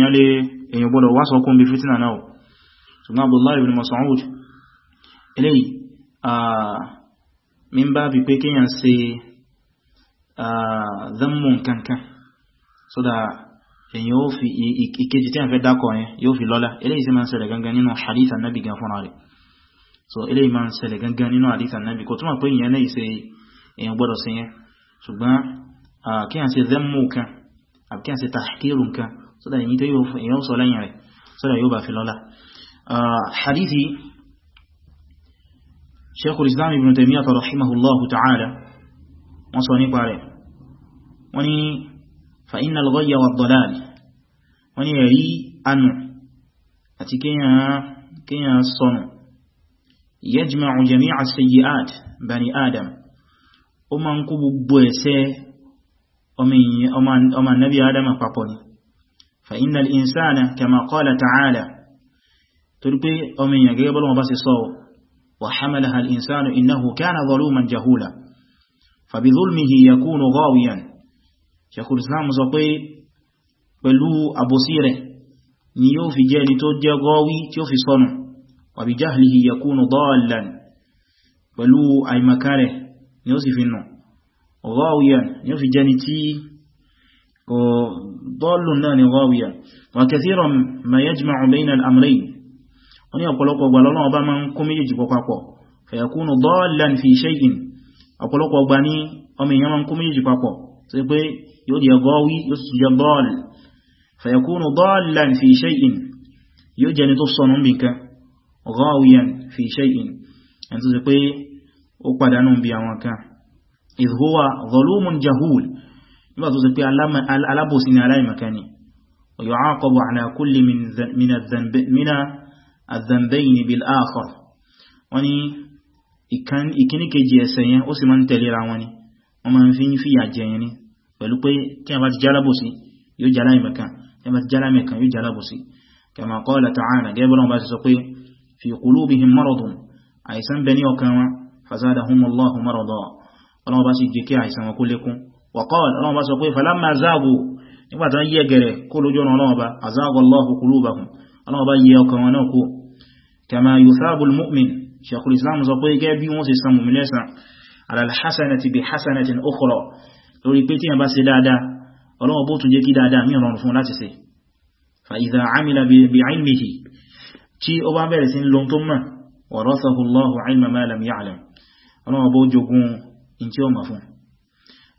kuma wa iso èyàn gbọ́dọ̀ wá sọ kún bí fìtínà náà ṣùgbọ́n Abdullahi ibn Mas'ud eléyìí min bá bí pé kíyàn ṣe zammu kankan so da èyàn ó fi ìkejì tí a fẹ́ dákọ̀ yẹn yóò fi lọ́lá eléyìí sí máa ń ṣẹlẹ̀ gangan nínú hadith annabi gan fúnra rẹ̀ so eléyìí máa ń ṣẹlẹ̀ gangan nínú hadith annabi kò túnmọ̀ pé ìyẹn lẹ́yìn ṣe èyàn gbọ́dọ̀ sí yẹn ṣùgbọ́n kíyàn ṣe zammu kan àbí kíyàn ṣe tahqiru kan so that èyí tó yóò sọ lẹ́yìn rẹ̀ so that yóò bá fi lọ́lá uh, hadithi sheikhul islam ibn taymiyyah rahimahullahu ta'ala wọ́n sọ nípa rẹ̀ wọ́n ní fa inna al-ghayya wa ad-dalal wọ́n ní ẹ̀rí anu àti kíyàn sọnù yajma'u jami'a as-sayyi'at ma ń kó gbogbo ẹ̀ṣẹ̀ ọmọ annabi adam papọ̀ ni فإن الإنسان كما قال تعالى تلقي أمين يقبل وبس صو وحملها الإنسان إنه كان ظلوما جهولا فبظلمه يكون غاويا شيخ الإسلام زقي بلو أبو سيره نيو في جالي توجى غاوي تيو في صنع وبجهله يكون ضالا بلو أي مكاره نيو في النوم غاويا نيو في جانتي ضال نان غاوية وكثيرا ما يجمع بين الأمرين wọ́n ní ọ̀pọ̀lọpọ̀ ọgbà lọ́nà ọba máa ń kó méjèèjì pọ̀ papọ̀ fẹ̀yàkúnù dọ́ọ̀lán fi shay'in ọ̀pọ̀lọpọ̀ ọgbà ní ọmọ èèyàn máa ń kó méjèèjì papọ̀ tó pé yóò di ẹgọ́wí yóò sì jẹ dọ́ọ̀l fẹ̀yàkúnù dọ́ọ̀lán fi shay'in yóò jẹni tó sọnù bí nǹkan ghawiyan fi shay'in ẹni tó sì pé ó padànù bí àwọn kan idh huwa zalumun jahul nígbà tó sọ pé alábòsí ni aláìmọ̀kání wa yu'aqabu ala kulli min adh-dhanbayni bil-akhar wọ́n ni ìkíní kejì ẹ̀ṣẹ̀ yẹn ó sì máa ń tẹ̀léra wọn ni wọ́n máa ń fi ń fìyà jẹ yẹn ni pẹ̀lú pé tí a bá ti jálábòsí yóò jáláìmọ̀kan tí a bá ti jálámẹ̀kan yóò jálábòsí kama qala ta'ala gẹ́bọ́lọ́n bá ọlọ́wọ́ bá sì jẹ́ kí àìsàn lékún وقال الله ما سوى فلما زاغوا نبات أن يجري كل جون الله با أزاغ الله قلوبهم الله با يوكا ونوكو كما يثاب المؤمن شيخ الإسلام سوى كيبي موسى السلام من على الحسنة بحسنة أخرى lórí pé tí yàn bá ṣe dáadáa ọlọ́wọ́ bó tún jẹ́ kí dáadáa mí tí ó sí lóhun tó mọ̀ warathahu Allahu ilma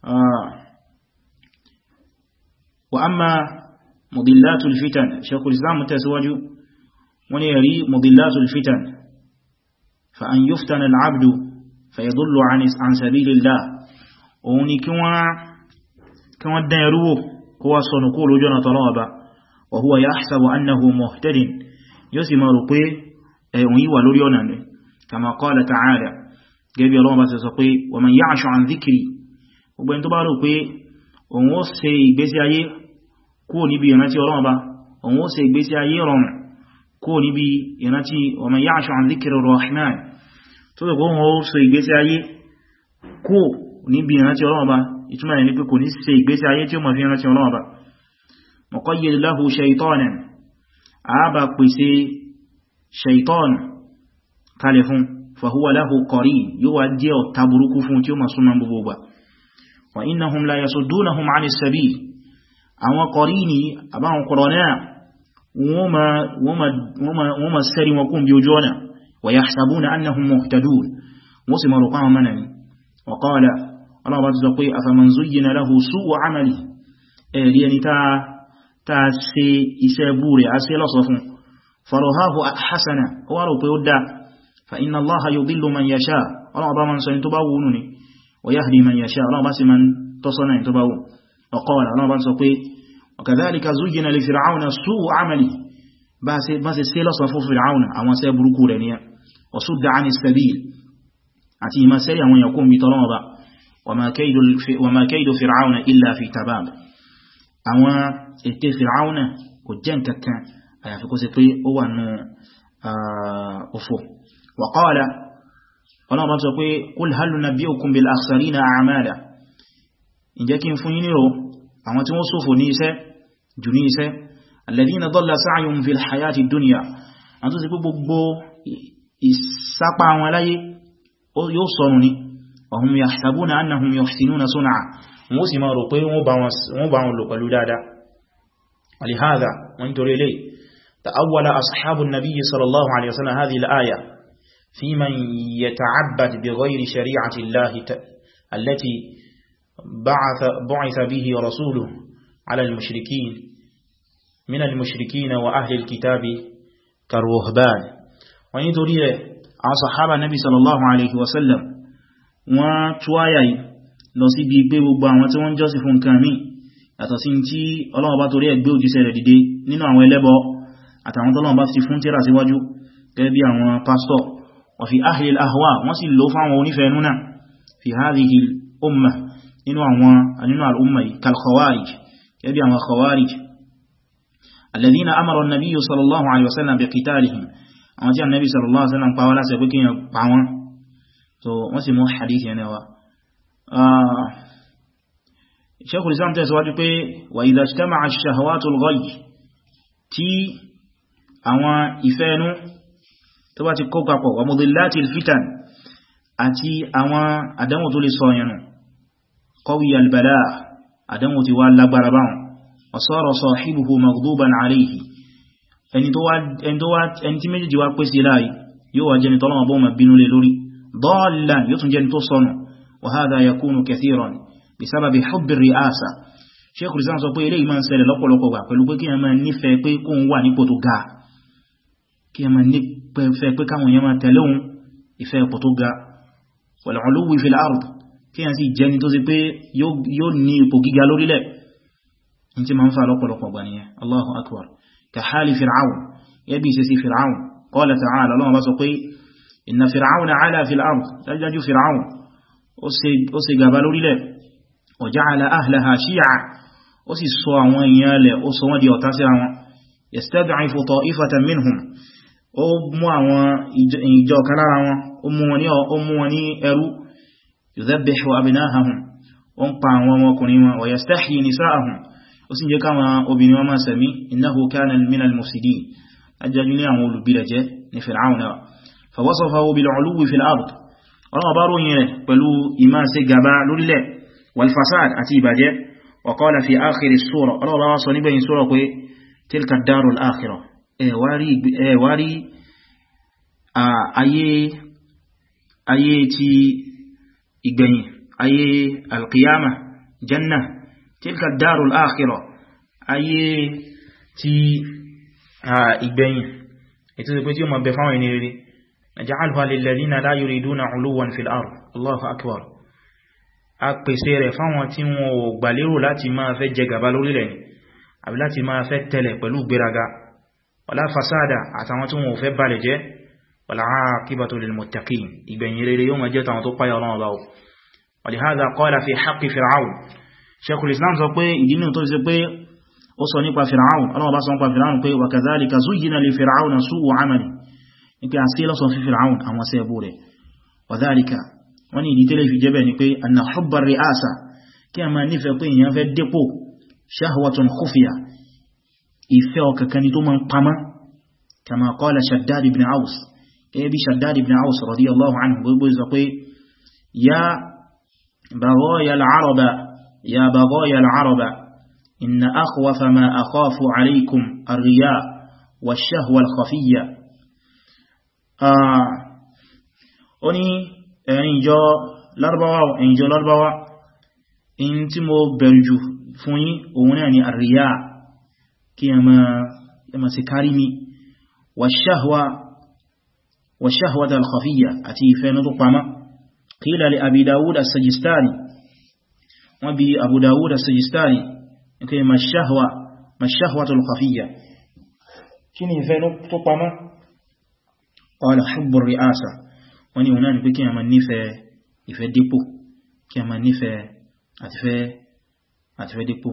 Ah. wa amma mudillatul fitan shekul islam tẹ̀síwájú wọ́n ni rí mudillatul fitan fa an yuftana al'abdu fa yadullu an sabilillah òun ni kí wọ́n dán ẹrúwò kó wá sọnù kó lójú ọ̀nà tọ́lọ́wọ́ ba wa huwa yahsabu annahu muhtadin yóò sì máa rò pé ẹ̀hùn eh, yíwà lórí ọ̀nà rẹ̀ kama qala ta'ala gẹ́bí ọlọ́wọ́ bá sọ pé wa man ya'shu an dhikri gbogbo ẹni tó bá rò pé òun ó ṣe ìgbésí ayé kúrò níbi ìrántí Ọlọ́run Ọba òun ó ṣe ìgbésí ayé rọrùn kúrò níbi ìrántí ọmọ ya'shu 'an dhikri rahman tó rò pé òun ó ṣe ìgbésí ayé kúrò níbi ìrántí Ọlọ́run Ọba ìtumọ̀ ní pé kò ní ṣe ìgbésí ayé tí ó mọ̀ fi ìrántí Ọlọ́run Ọba muqayyid lahu shaytanan àábà pèsè shaytan kalẹ̀ fún fahuwa lahu qarin yóò wá jẹ́ ọ̀tá burúkú fún tí ó mọ̀ súnmọ́ gbogbo wa innahum la yasuddunahum 'ani as-sabil àwọn qarini àbáwọn kọ̀rọ̀nà wọ́n ma sẹ́rí wọn kún bí ojú ọ̀nà wa yahsabuna annahum muhtadun wọ́n sì marùkọ́ àwọn mẹ́nà ni wa qala Allah bá ti sọ pé afaman zuyyina lahu su'u 'amali ẹ̀rí ẹni ta ṣe iṣẹ́ búrẹ̀ a ṣe lọ́sọ fún farahahu hasana ó wà rò pé ó dá fa inna Allah yudillu man yasha Allah bá man sọ ni tó bá wùnú ni ويهدي من يشاء الله بس من تصنع تباو وقال الله بس وكذلك زين لفرعون سوء عمله بس بس سيلا صفو فرعون أما سيبركو لنيا وصد عن السبيل أتي ما سيلا وأن يكون بطلابة وما كيد, وما كيد فرعون إلا في تباب أما إتي فرعون كجان ككا أيا في قصة طيب هو أنه أفو وقال ọlọ́run bá sọ pé kul hal nabiyukum bil akhsarina a'mala ǹjẹ́ kí n fún yín nírò àwọn tí wọ́n ṣòfò ní iṣẹ́ jù ní iṣẹ́ alladhina dalla sa'yuhum fil hayati dunya àwọn tó sì pé gbogbo ìsápa wọn láyé yóò sọnù ni ọ̀hun yahsabuna annahum yuhsinuna sun'a wọ́n sì máa rò pé wọ́n bá wọn lò pẹ̀lú dáadáa alihada wọ́n torí ilé ta'awwala ashabu nabi sallallahu alaihi wasallam hadhihi al-aya في من يتعبد بغير شريعة الله التي بعث, بعث به رسوله على المشركين من المشركين وأهل الكتاب كالرهبان ونطري أصحاب النبي صلى الله عليه وسلم وتوايا lọ́sí bí gbé gbogbo àwọn tí wọ́n jọ́sìn fún nǹkan mí yàtọ̀ sí tí Ọlọ́run bá torí ẹgbẹ́ òjíṣẹ́ rẹ̀ dìde nínú àwọn ẹlẹ́bọ àtàwọn tọ́lọ́run bá ti fún tírà síwájú gẹ́gẹ́ bí àwọn pásítọ̀ وفي أهل الأهواء وسي اللوفا ونفننا في هذه الأمة إنو أنو الأمة كالخوارج يبي أنواع خوارج الذين أمر النبي صلى الله عليه وسلم بقتالهم أنت النبي صلى الله عليه وسلم قال سيقول كي يقعون وسي مو حديث يعني آه شيخ الإسلام تسواجه بي وإذا اجتمع الشهوات الغي تي أنواع إفانو tó bá ti kó papọ̀ wà mudillati al-fitan àti àwọn àdánwò tó lè sọ yẹnu qawi al-bala àdánwò ti wá lágbára báhùn wa sara sahibuhu maghduban alayhi ẹni tí méjì wá pèsè láàyí yóò wà jẹni tọ́lọ́wọ́ bọ́ ma bínú lè lórí dallan yóò tún jẹni tó sọnù wa hadha yakunu kathiran bisababi hubbi ri'asa Sheikhul fẹ́ pé káwọn èèyàn máa tẹ̀lé òun ìfẹ́ ẹ̀pọ̀ tó ga wal-uluwi fil ard kí yàn sì jẹ́ ni tó sì ó mú àwọn ìjọ kan lára wọn ó mú wọn ní ẹrú yudhabbihu abna'ahum ó ń pa àwọn ọmọkùnrin wọn wa yastahyi nisa'ahum ó sì jẹ́ káwọn obìnrin wọn máa sẹ̀mí innahu kana minal mufsidin ajájú ní àwọn olùbílẹ̀ jẹ́ ní Fir'aun náà fa wasafahu bil-'uluwwi fil ard ọlọ́wọ́ bá ròyìn rẹ̀ pẹ̀lú ìmá sí gaba lórílẹ̀ wal-fasad àti ìbàjẹ́ wa qala fi akhiri sura ọlọ́wọ́ bá wá sọ nígbẹ̀yìn sura pé tilka ad-daru al-akhirah ẹ̀wà rí ayé ti ìgbẹ̀yìn ayé alkiyama janna tilka darul akhirah ayé ti ìgbẹ̀yìn ètò ìpé tí ó ma bẹ fáwọn ẹni rere naj'alha lilladhina la yuriduna 'uluwan fil ard Allahu akbar a pèsè rẹ̀ fáwọn tí wọn ò gbàlérò láti máa fẹ́ jẹ gàba lórílẹ̀ ni àbí láti máa fẹ́ tẹ́lẹ̀ pẹ̀lú gbéraga wàlá fasada àtàwọn tí wọn ò fẹ́ balẹ̀ jẹ́ wàlá àkíbàtò lil muttaqin ìgbẹ̀yìn rere yóò máa jẹ́ tàwọn tó páyà ọlọ́run ọba walihada qala fi haqqi fir'aun sheikhul islam sọ pé ìdínú tó ṣe pé ó sọ nípa fir'aun ọlọ́run ọba sọ nípa fir'aun pé wa kadhalika zuyyina li fir'auna su'u 'amali nípa àṣí lọ́sọ إفاق كنتم القمة كما قال شداد بن عوس أبي إيه شداد بن عوس رضي الله عنه يا بغايا العرب يا بغايا العرب إن أخوف ما أخاف عليكم الرياء والشهوة الخفية آه، أني إنجا لربوا إنجا لربوا إنتمو بلجو فني أوناني الرياء kí a ma ṣe kárí mi wa ṣáhwa da alkhafiyya àti ìfẹ́ na tó pamá qila li abi dawud as-sajistani wọ́n bi abu dawud as-sajistani nke ma ṣáhwa ma ṣáhwa ta alkhafiyya kí ni ìfẹ́ na tó pamá qala hubbu ri'asa wọ́n ni ni kí a ma nífẹ̀ẹ́ ìfẹ́ dípò kí a ma nífẹ̀ẹ́ àti dípò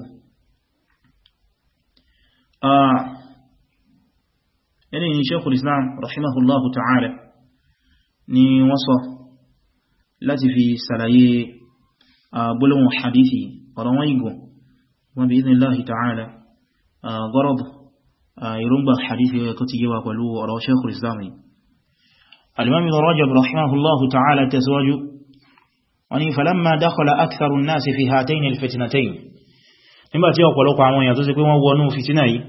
eléyìn Shaykhul Islam rahimahullahu ta'ala ni wọ́n sọ láti fi sàlàyé gbólóhùn hadithi ọ̀rọ̀ wọ́n igun wọ́n bí idhnillahi ta'ala gọ́rọ̀b ìrúngbà hadithi ẹ̀kọ́ ti yíwa pẹ̀lú ọ̀rọ̀ Shaykhul Islam ni al-Imam Ibn Rajab rahimahullahu ta'ala tẹ̀síwájú wọ́n ni falamma dakhala aktharu an-nasi fi hatayn al-fitnatayn nígbàtí ọ̀pọ̀lọpọ̀ àwọn èèyàn tó ṣe pé wọ́n wọnú fìtínà yìí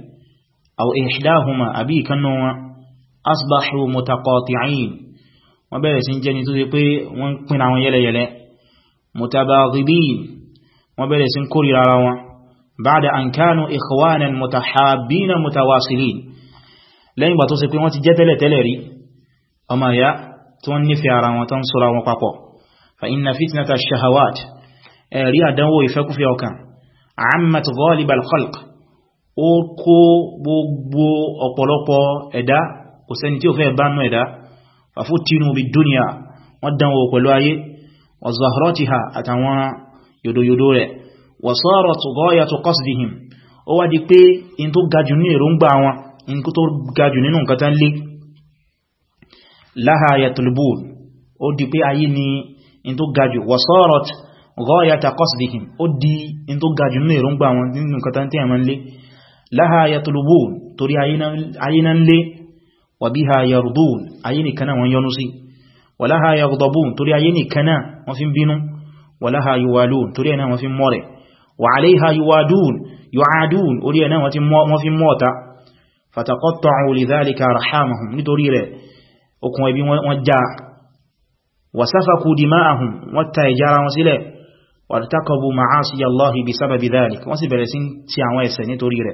aw ihdahuma àbí ìkannu wọn asbahu mutaqati'in wọ́n bẹ̀rẹ̀ sí jẹ́ni tó ṣe pé wọ́n pín àwọn yẹlẹyẹlẹ mutabaghidin wọ́n bẹ̀rẹ̀ sí kórìíra ara wọn ba'da an kanu ikhwanan mutahabbin mutawasilin lẹ́yìn gbà tó ṣe pé wọ́n ti jẹ́ ẹ̀rí àdánwò ìfẹ́kúfẹ́ ọkàn ammat ghalib al-khalq ó kó gbogbo ọ̀pọ̀lọpọ̀ ẹ̀dá kò sẹ́ni tí ó fẹ́ bá nú ẹ̀dá fàfútínú bí dúnìyà wọ́n dánwò pẹ̀lú ayé wa zahratiha àtàwọn yòdòyòdó rẹ̀ wa sarat ghayatu qasdihim ó wá di pé in tó gajù ní èròǹgbà wọn in tó gajù nínú nǹkan tán lé ghayata qasdihim ó di in tó gajù nínú èròǹgbà wọn nínú nǹkan tí a máa ń lé laha yatlubun torí ayé na ń lé wa biha yardun ayé nìkan náà wọ́n yọnú sí wa laha yaghdabun torí ayé nìkan náà wọ́n fi ń bínú wa laha yuwalun torí ẹ̀ náà wọ́n fi ń mọ́rẹ̀ wa alayha yuwadun yu'adun orí ẹ̀ náà wọ́n ta ìjára wọn sílẹ̀ وارتكبوا معاصي الله بسبب ذلك وسبرسين تيعوا يسني توريره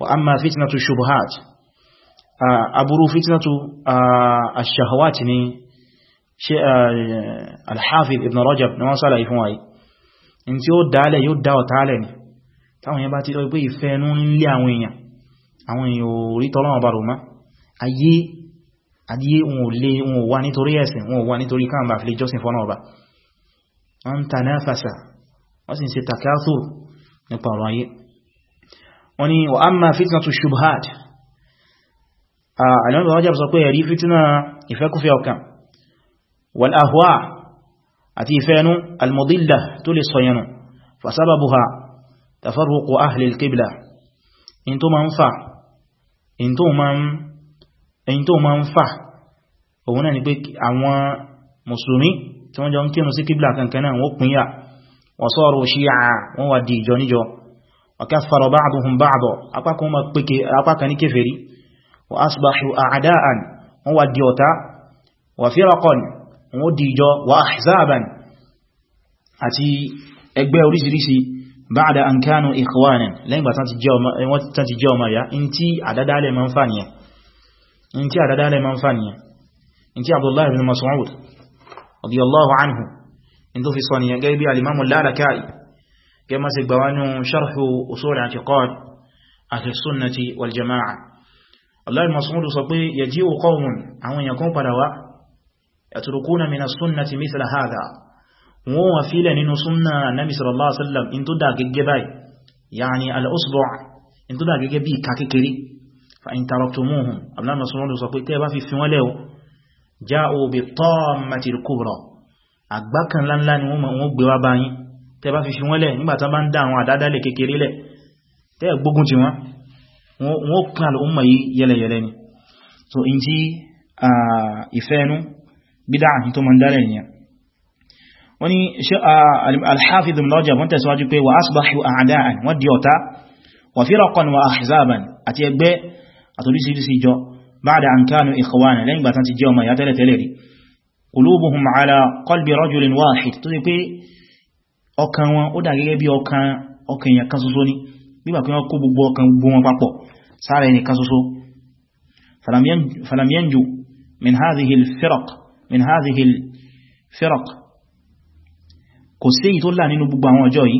وأما فتنة الشبهات أبرو فتنة الشهوات الحافظ ابن رجب نواصل إفواي انت يدى علي يدى وتعالي táwọn èèyàn bá ti rọ pé ìfẹ́ ẹnu ń lé àwọn èèyàn àwọn èèyàn ò rí tọ́lọ́wọ́ bá rò má ayé adíyé wọn ò lé wọn ò wá nítorí ẹ̀sìn wọn ò wá nítorí káàmbà wọ́n tanafasa wọ́n sì ń ṣe takathur nípa ọ̀rọ̀ ayé wọ́n ni wa amma fitnatu shubhat alimọ́bẹ̀ wọ́n jẹ́ sọ pé ẹ̀rí fitna ìfẹ́kúfẹ́ ọkàn wal ahwa àti ìfẹ́nu almudilla tó lè sọyẹnu fasababuha tafarruqu ahli alqibla in tó ma ń fa òun náà ni pé àwọn musulmi tí wọ́n jọ ń kírun sí kíblà kankan náà wọ́n pínyà wọ́n sọ́rọ̀ ṣíyà wọ́n wà di ìjọ níjọ وكفر بعضهم بعضا apákan ma pèkè apákan ní kéfèrí wa asbahu a'da'an wọ́n wà di ọ̀tá wọ́n di ìjọ wa ahzaban àti ẹgbẹ́ oríṣiríṣi رضي الله عنه ان دو في صنيع جاي بي الامام اللالكائي كما سيغبوانو شرح اصول اعتقاد اهل السنه والجماعه الله المصمود صبي يجيء قوم او يكون قدوا يتركون من السنه مثل هذا وهو في لن سنه النبي صلى الله عليه وسلم ان تدا جيجباي يعني الاصبع ان تدا جيجبي كاكيري فان تركتموهم ابن المصمود صبي تبا في فين ولهو jáò bí tọ́ọ̀màtì kúrọ̀ àgbákan láńlá ni wọ́n gbé wá bá yín tẹ́ bá fi fi wọ́n lẹ̀ nígbàtá bá ń dá àwọn àdádálẹ̀ kékeré lẹ̀ tẹ́ gbógun ti wọ́n wọ́n pín al'umma yìí yẹlẹyẹlẹ ni so in ji ìfẹ́nu bídá àti tó mandalẹ̀ ni wọ́n ni alhafidun lọ́jà wọ́n tẹ̀síwájú pé wa asbahu a'da'an wọ́n di ọ̀tá wa firaqan wa ahzaban بعد أن كانوا إخوانا لين باتان تجيو ما يتلى تلري قلوبهم على قلب رجل واحد تذكي ọkàn wọn ó dà gẹ́gẹ́ bí ọkàn ọkàn èèyàn kan ṣoṣo ní nígbà kí wọ́n kó gbogbo ọkàn gbogbo wọn papọ̀ sára ẹni kan ṣoṣo falam yanju min hadhihi al-firaq min hadhihi al-firaq kò sí èyí tó là nínú gbogbo àwọn ọjọ́ yìí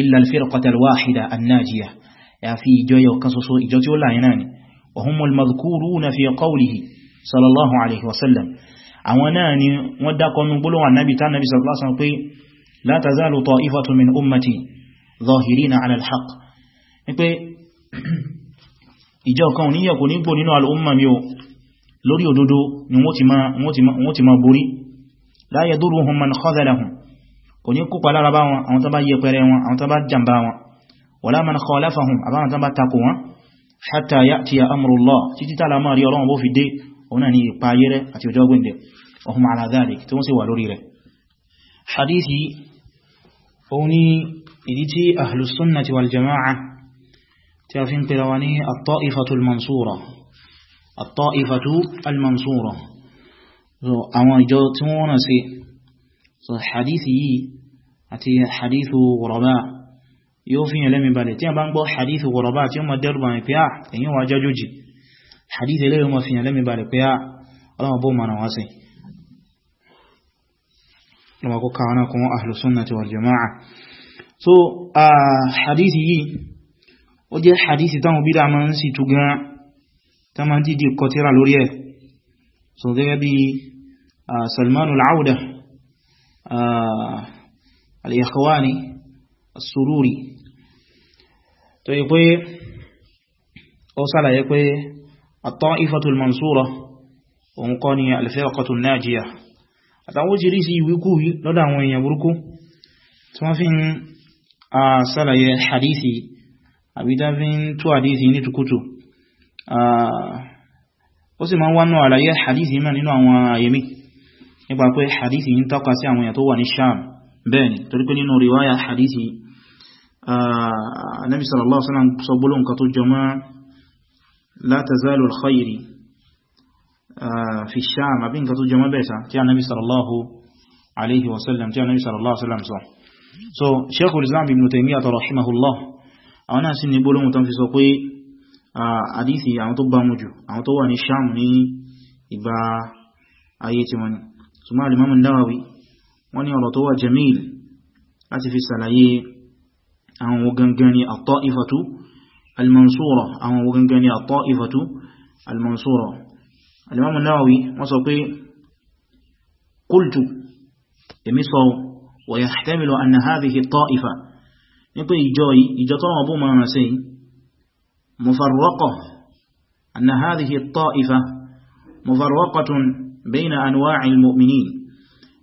illa al wahida an ya fi ìjọ yọ kan ṣoṣo ìjọ tí ó là yìí náà وهم المذكورون في قوله صلى الله عليه وسلم àwọn náà ni wọ́n dákọ̀ ní gbólówà náàbì tán náàbì sallallahu alaihi wasallam pé la tazalu ta'ifatun min ummati zahirina ala al-haq ní pé ìjọ kan ní yẹ̀kù nígbò nínú al'umma mi o lórí òdodo ni wọ́n ti ma borí la yadurruhum man khadhalahum kò ní kópa lára bá wọn àwọn tán bá yẹpẹrẹ wọn àwọn tán bá jàmbá wọn wala man khalafahum àbáwọn tán bá takò wọn hatta ya'tiya amrullah títí tààlà máa rí ọlọ́run bó fi dé òun náà ni ìpayé rẹ̀ àti ọjọ́ gbìndẹ̀ ọ̀hun ala dhalik tí wọ́n sì wà lórí rẹ̀ hadithi òun ni ìdí tí ahlus sunnati wal jama'a tí a fi at-ta'ifatu al-mansura at-ta'ifatu al-mansura àwọn ìjọ tí wọ́n wọ́n sí hadithi yìí àti hadithu Rabaa yóò fi yàn lẹ́mí balẹ̀ tí a bá ń gbọ́ hadith ghuraba tí ó ma dẹ́rùbà mi pé à ah, èyàn wà jájójì hadith ilé yóò ma fi yàn lẹ́mí balẹ̀ pé à ah, ọlọ́wọ́ bó mana wá sí lọ́wọ́ kó káwọn so a ah, hadith yìí ó jẹ́ hadith táwọn bídá ma ń sì túgá tá ma ń dìdì kọtíra lórí ẹ̀ tó yí pé ó sálàyé pé at-ta'ifatul mansura òun kọ́ ni al-firqatun najiya àtàwọn jírí sí ìwíkú lọ́dọ̀ àwọn èèyàn burúkú tí wọ́n fi ń sálàyé hadithi àbídá fi ń tó hadithi ní tukutu ó sì máa wánú àlàyé hadithi mẹ́ nínú àwọn ayemi nípa pé hadithi ń tọ́ka sí àwọn èèyàn tó wà ní sham bẹ́ẹ̀ ni torí nínú riwaya hadithi Ànábì صلى الله عليه وسلم gbólóhùn kan tó jọmọ́ la tazalu al-khayri fi sham àbí nǹkan tó jọmọ́ bẹ́ẹ̀ sá tí Ànábì sallallahu alaihi wasallam tí Ànábì sallallahu alaihi so Sheikhul Islam Ibn Taymiyyah rahimahullah àwọn náà sí ní gbólóhùn tán fi sọ pé àdísì àwọn tó bá mújù àwọn tó wà ní sham ní ìgbà ayé tí wọ́n ni sùmọ́ al-Imam an-Nawawi wọ́n ní jamil láti fi sàlàyé أو وغنغاني الطائفة المنصورة أو وغنغاني الطائفة المنصورة الإمام النووي وصفي قلت يمسو ويحتمل أن هذه الطائفة نقول إجاي إجاتنا أبو ما نسي مفرقة أن هذه الطائفة مفرقة بين أنواع المؤمنين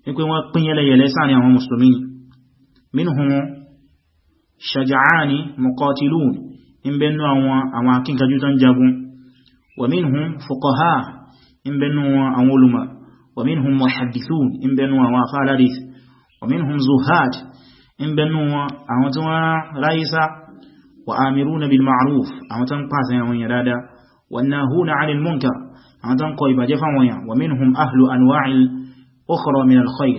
نقول وقيل يليس عن المسلمين منهم ṣàjáàní muqatilun in bẹnu àwọn akínkajú tán jagun wa minhum fuqaha in bẹnu àwọn ulama wa minhum muhaddithun in bẹnu àwọn afáàlárìs wa minhum zuhad in bẹnu àwọn tí wọ́n ráyísá wa amiruna bil ma'ruf àwọn tán pàṣẹ àwọn yà dáadáa wa nahuna 'anil munkar àwọn tán kọ ìbàjẹ́ fáwọn yà wa ahlu anwa'il ukhra min al-khayr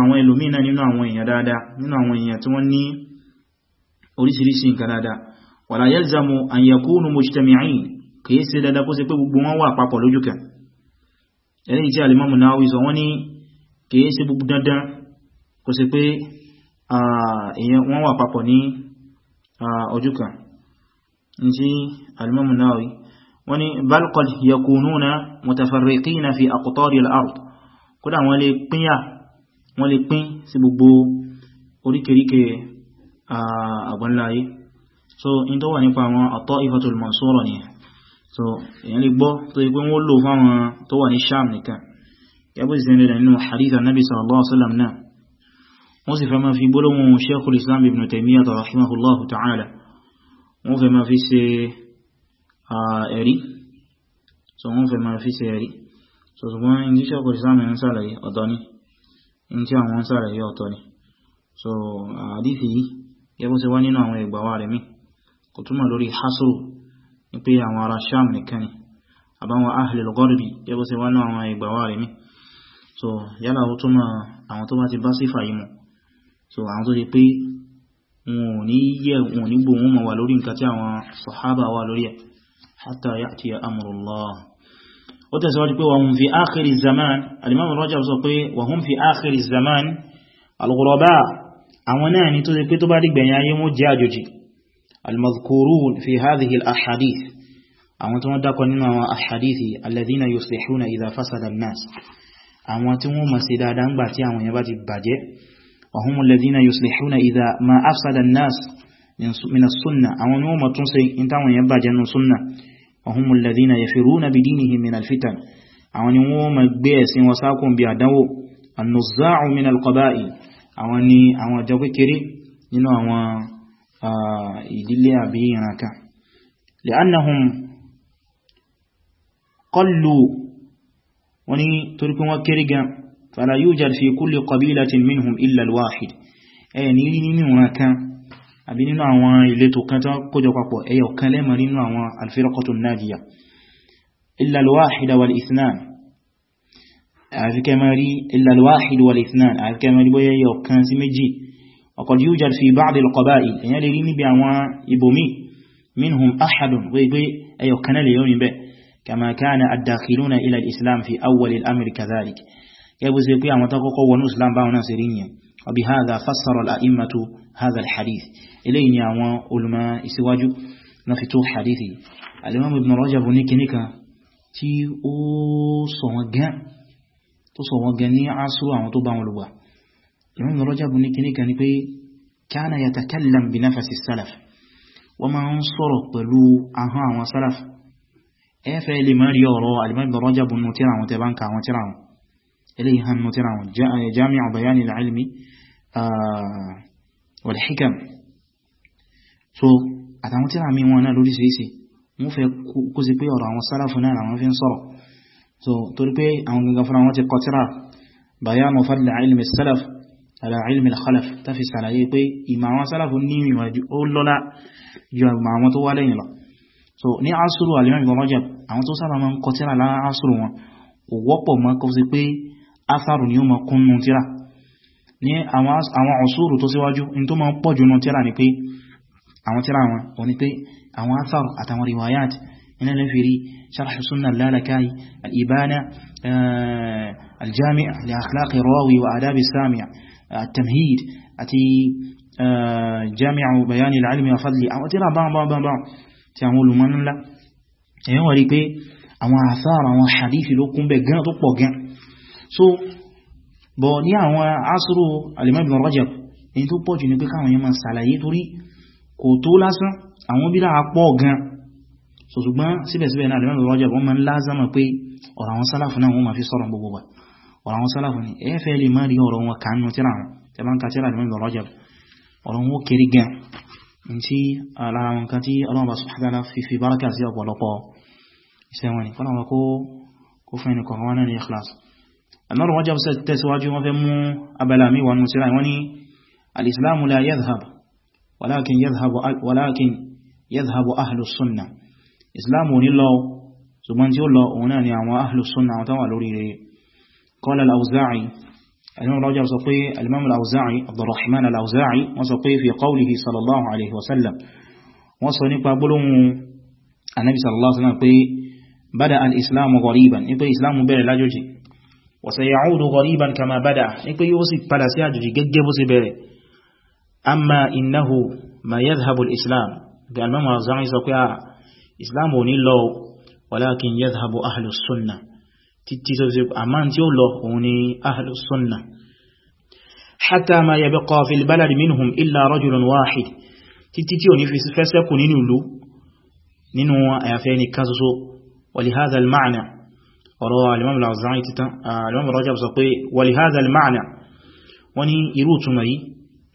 àwọn ẹlòmínà nínú àwọn èèyàn dáadáa nínú àwọn èèyàn tí wọ́n ní oríṣiríṣi nǹkan dáadáa wala yalzamu an yakunu mujtami'in kìí ṣe dada kó ṣe pé gbogbo wọn wà papọ̀ lójú kan ẹni tí alimamu Nawawi sọ wọ́n ní kìí ṣe gbogbo dandan kó ṣe pé èèyàn wọ́n wà papọ̀ ní ojú kan ní tí alimamu Nawawi wọ́n ní bal qad yakununa mutafarriqina fi aqtari al-ard kódà wọ́n lè pín àgbánláyé so in tó wà nípa àwọn at-Ta'ifatul Mansura ni so èyàn lè gbọ́ tó yí pé wọ́n lò fáwọn tó wà ní Sham nìkan yàbí sí rẹ̀ nínú hadith annabi sallallahu so wọ́n fẹ́ ma gẹ́gbọ́n ṣe wá nínú àwọn ìgbàwà rẹ̀ mí kò túnmọ̀ lórí hasru ní pé àwọn ará sham nìkan ni àbáwọn ahlil gharbi gẹ́gbọ́n wá nínú àwọn ìgbàwà rẹ̀ mí so yálà ó túnmọ̀ àwọn tó bá ti bá sífà yìí mọ̀ so àwọn tó ṣe pé wọn ò ní yẹ wọn ò ní gbò wọn mọ̀ wà lórí nǹkan tí àwọn sahaba wà lórí ẹ̀ hatta ya'tiya amrullah ó tẹ̀síwájú pé wọ́n fi áàkiri zaman al-imam sọ pé wọ́n fi áàkiri zaman al àwọn náà ni tó ṣe pé tó bá dìgbẹ̀yìn ayé wọ́n jẹ́ àjòjì almazkurun fi hadhihi al-ahadith àwọn tó wọ́n dákọ nínú àwọn ahadith alladhina yuslihuna idha fasada an-nas àwọn tí wọ́n mọ̀ sí dáadáa ńgbà tí àwọn yẹn bá ti bàjẹ́ wa hum alladhina yuslihuna idha ma afsada an-nas min as-sunnah àwọn ni wọ́n ma tún ṣe in táwọn yẹn bàjẹ́ nínú sunnah wa hum alladhina yafiruna bidinihim min al-fitan àwọn ni won ma mọ̀ gbé ẹ̀sìn wọn sákùn bí àdánwò an-nuzza'u min al-qaba'i àwọn ní àwọn ọjọ́ kékeré nínú àwọn ìdílé àbí ìrànká li'annahum qallu wọ́n ní torí pé wọ́n kéré gan fala yujad fi kulli qabilatin minhum illa al-wahid ẹ̀yẹ̀ ní rí nínú ìrànká àbí nínú àwọn ìletò kan tó kójọ papọ̀ ẹyọ kan lẹ́mọ̀ nínú àwọn al-firqatu an-najiyah illa àfikẹ́ máa rí ìlàlúwáhìdì wà lẹ́tìnà àfikẹ́ máa rí bóyá yọ kan sí méjì ọkọ̀dí yóò jà fi báàdì lọ́kọ̀bá ìyẹn lè rí níbi àwọn ibòmí minhum ahadun wípé ẹyọ kan lè yọrin bẹ́ kama kana ad-dakhiluna ila al-islam fi awwal al-amri kadhalik gẹ́gbẹ́ sí pé àwọn takọ́kọ́ wọnú islam báwọn náà sí sọ̀wọ́n gan tó sọ wọn gan ní asúrò àwọn tó bá wọn lùgbà Ibn Rajab ní kíní kan ní pé kana yatakallam bi nafasi salaf wọ́n máa ń sọ̀rọ̀ pẹ̀lú ahọ́n àwọn salaf ẹfẹ́ ilé mẹ́rí ọ̀rọ̀ Ibn Rajab nù tíra àwọn tẹ́bá ń ka àwọn tíra àwọn eléyìí hàn nù so torí pé àwọn gangan fúnra wọn ti kọtíra bayanu fadla ilmi salaf ala ilmi al-khalaf ta fi sàlàyé pé ìmọ̀ àwọn sálàfù ní ìmọ̀ ó lọ́lá ju àwọn tó wá lẹ́yìn lọ so ní asúrù alimọ̀ ìgbọ̀n rọ́jà àwọn tó sábà máa ń kọtíra lára asúrù wọn ò wọ́pọ̀ mọ́ kó sí pé asaru ni ó mọ kúnnú tíra ní àwọn ọ̀súrù tó síwájú in tó máa pọ̀ jù nù tíra ni pé àwọn tíra wọn ò ní pé àwọn asaru àtàwọn riwayat هنا نفري شرح سنة اللالكاي الإبانة الجامع لأخلاق الراوي وآداب السامع التمهيد أتي جامع بيان العلم وفضل أو ترى بعض بعض بعض تعمل من لا ẹ̀yàn wọ́n rí pé àwọn àtàrà àwọn hadithi ló kún bẹ gán tó pọ̀ gán so bọ̀ ní àwọn asúrò al-Imam Ibn Rajab èyí tó pọ̀ jù ní pé káwọn yẹn máa ṣàlàyé torí kò tó lásán àwọn bídá pọ̀ gán so ṣùgbọ́n síbẹ̀síbẹ̀ náà Imam Ibn Rajab wọ́n ma ń lázama pé ọ̀rọ̀ àwọn sálàfù náà wọ́n ma fi sọ̀rọ̀ gbogbo wa ọ̀rọ̀ àwọn sálàfù ni ẹ fẹ́ lè má rí ọ̀rọ̀ wọn kà nínú tíra wọn tẹ bá ń ka tíra Imam Ibn Rajab ọ̀rọ̀ wọn kéré gan ní tí ara wọn kan tí ọlọ́mọba sùhádàlá fi fi báràkà sí ọ̀pọ̀lọpọ̀ iṣẹ́ wọn ni kọ́nà wọn kó kó fún ẹnì islam ò ní lọ ṣùgbọ́n tí ó lọ òun náà ni àwọn ahlùsùn àwọn tánwà lórí rẹ̀ qala al-Awza'i alimam rajab sọ pé alimam al-Awza'i abdurrahman al-Awza'i wọ́n sọ pé fi qawlihi sallallahu alaihi wasallam wọ́n sọ nípa gbólóhùn anabi sallallahu alaihi wasallam pé bada al-islam ghariban ní pé islam bẹ̀rẹ̀ lájòjì wa sayaudu ghariban islam ò ní lọ walakin yadhhabu ahlus sunnah títí tó fi àmá tí ó lọ òun ni ahlus sunnah hatta ma yabqa fil balad minhum illa rajulun wahid títí tí ò ní fi fẹ́sẹ́kù nínú ìlú nínú àyàfẹ́ ní kan ṣoṣo ولهذا المعنى ọ̀rọ̀ alimam al-azza'i titan ah, alimam rajab sọ pé ولهذا المعنى wọ́n ní irú túnmọ̀ yìí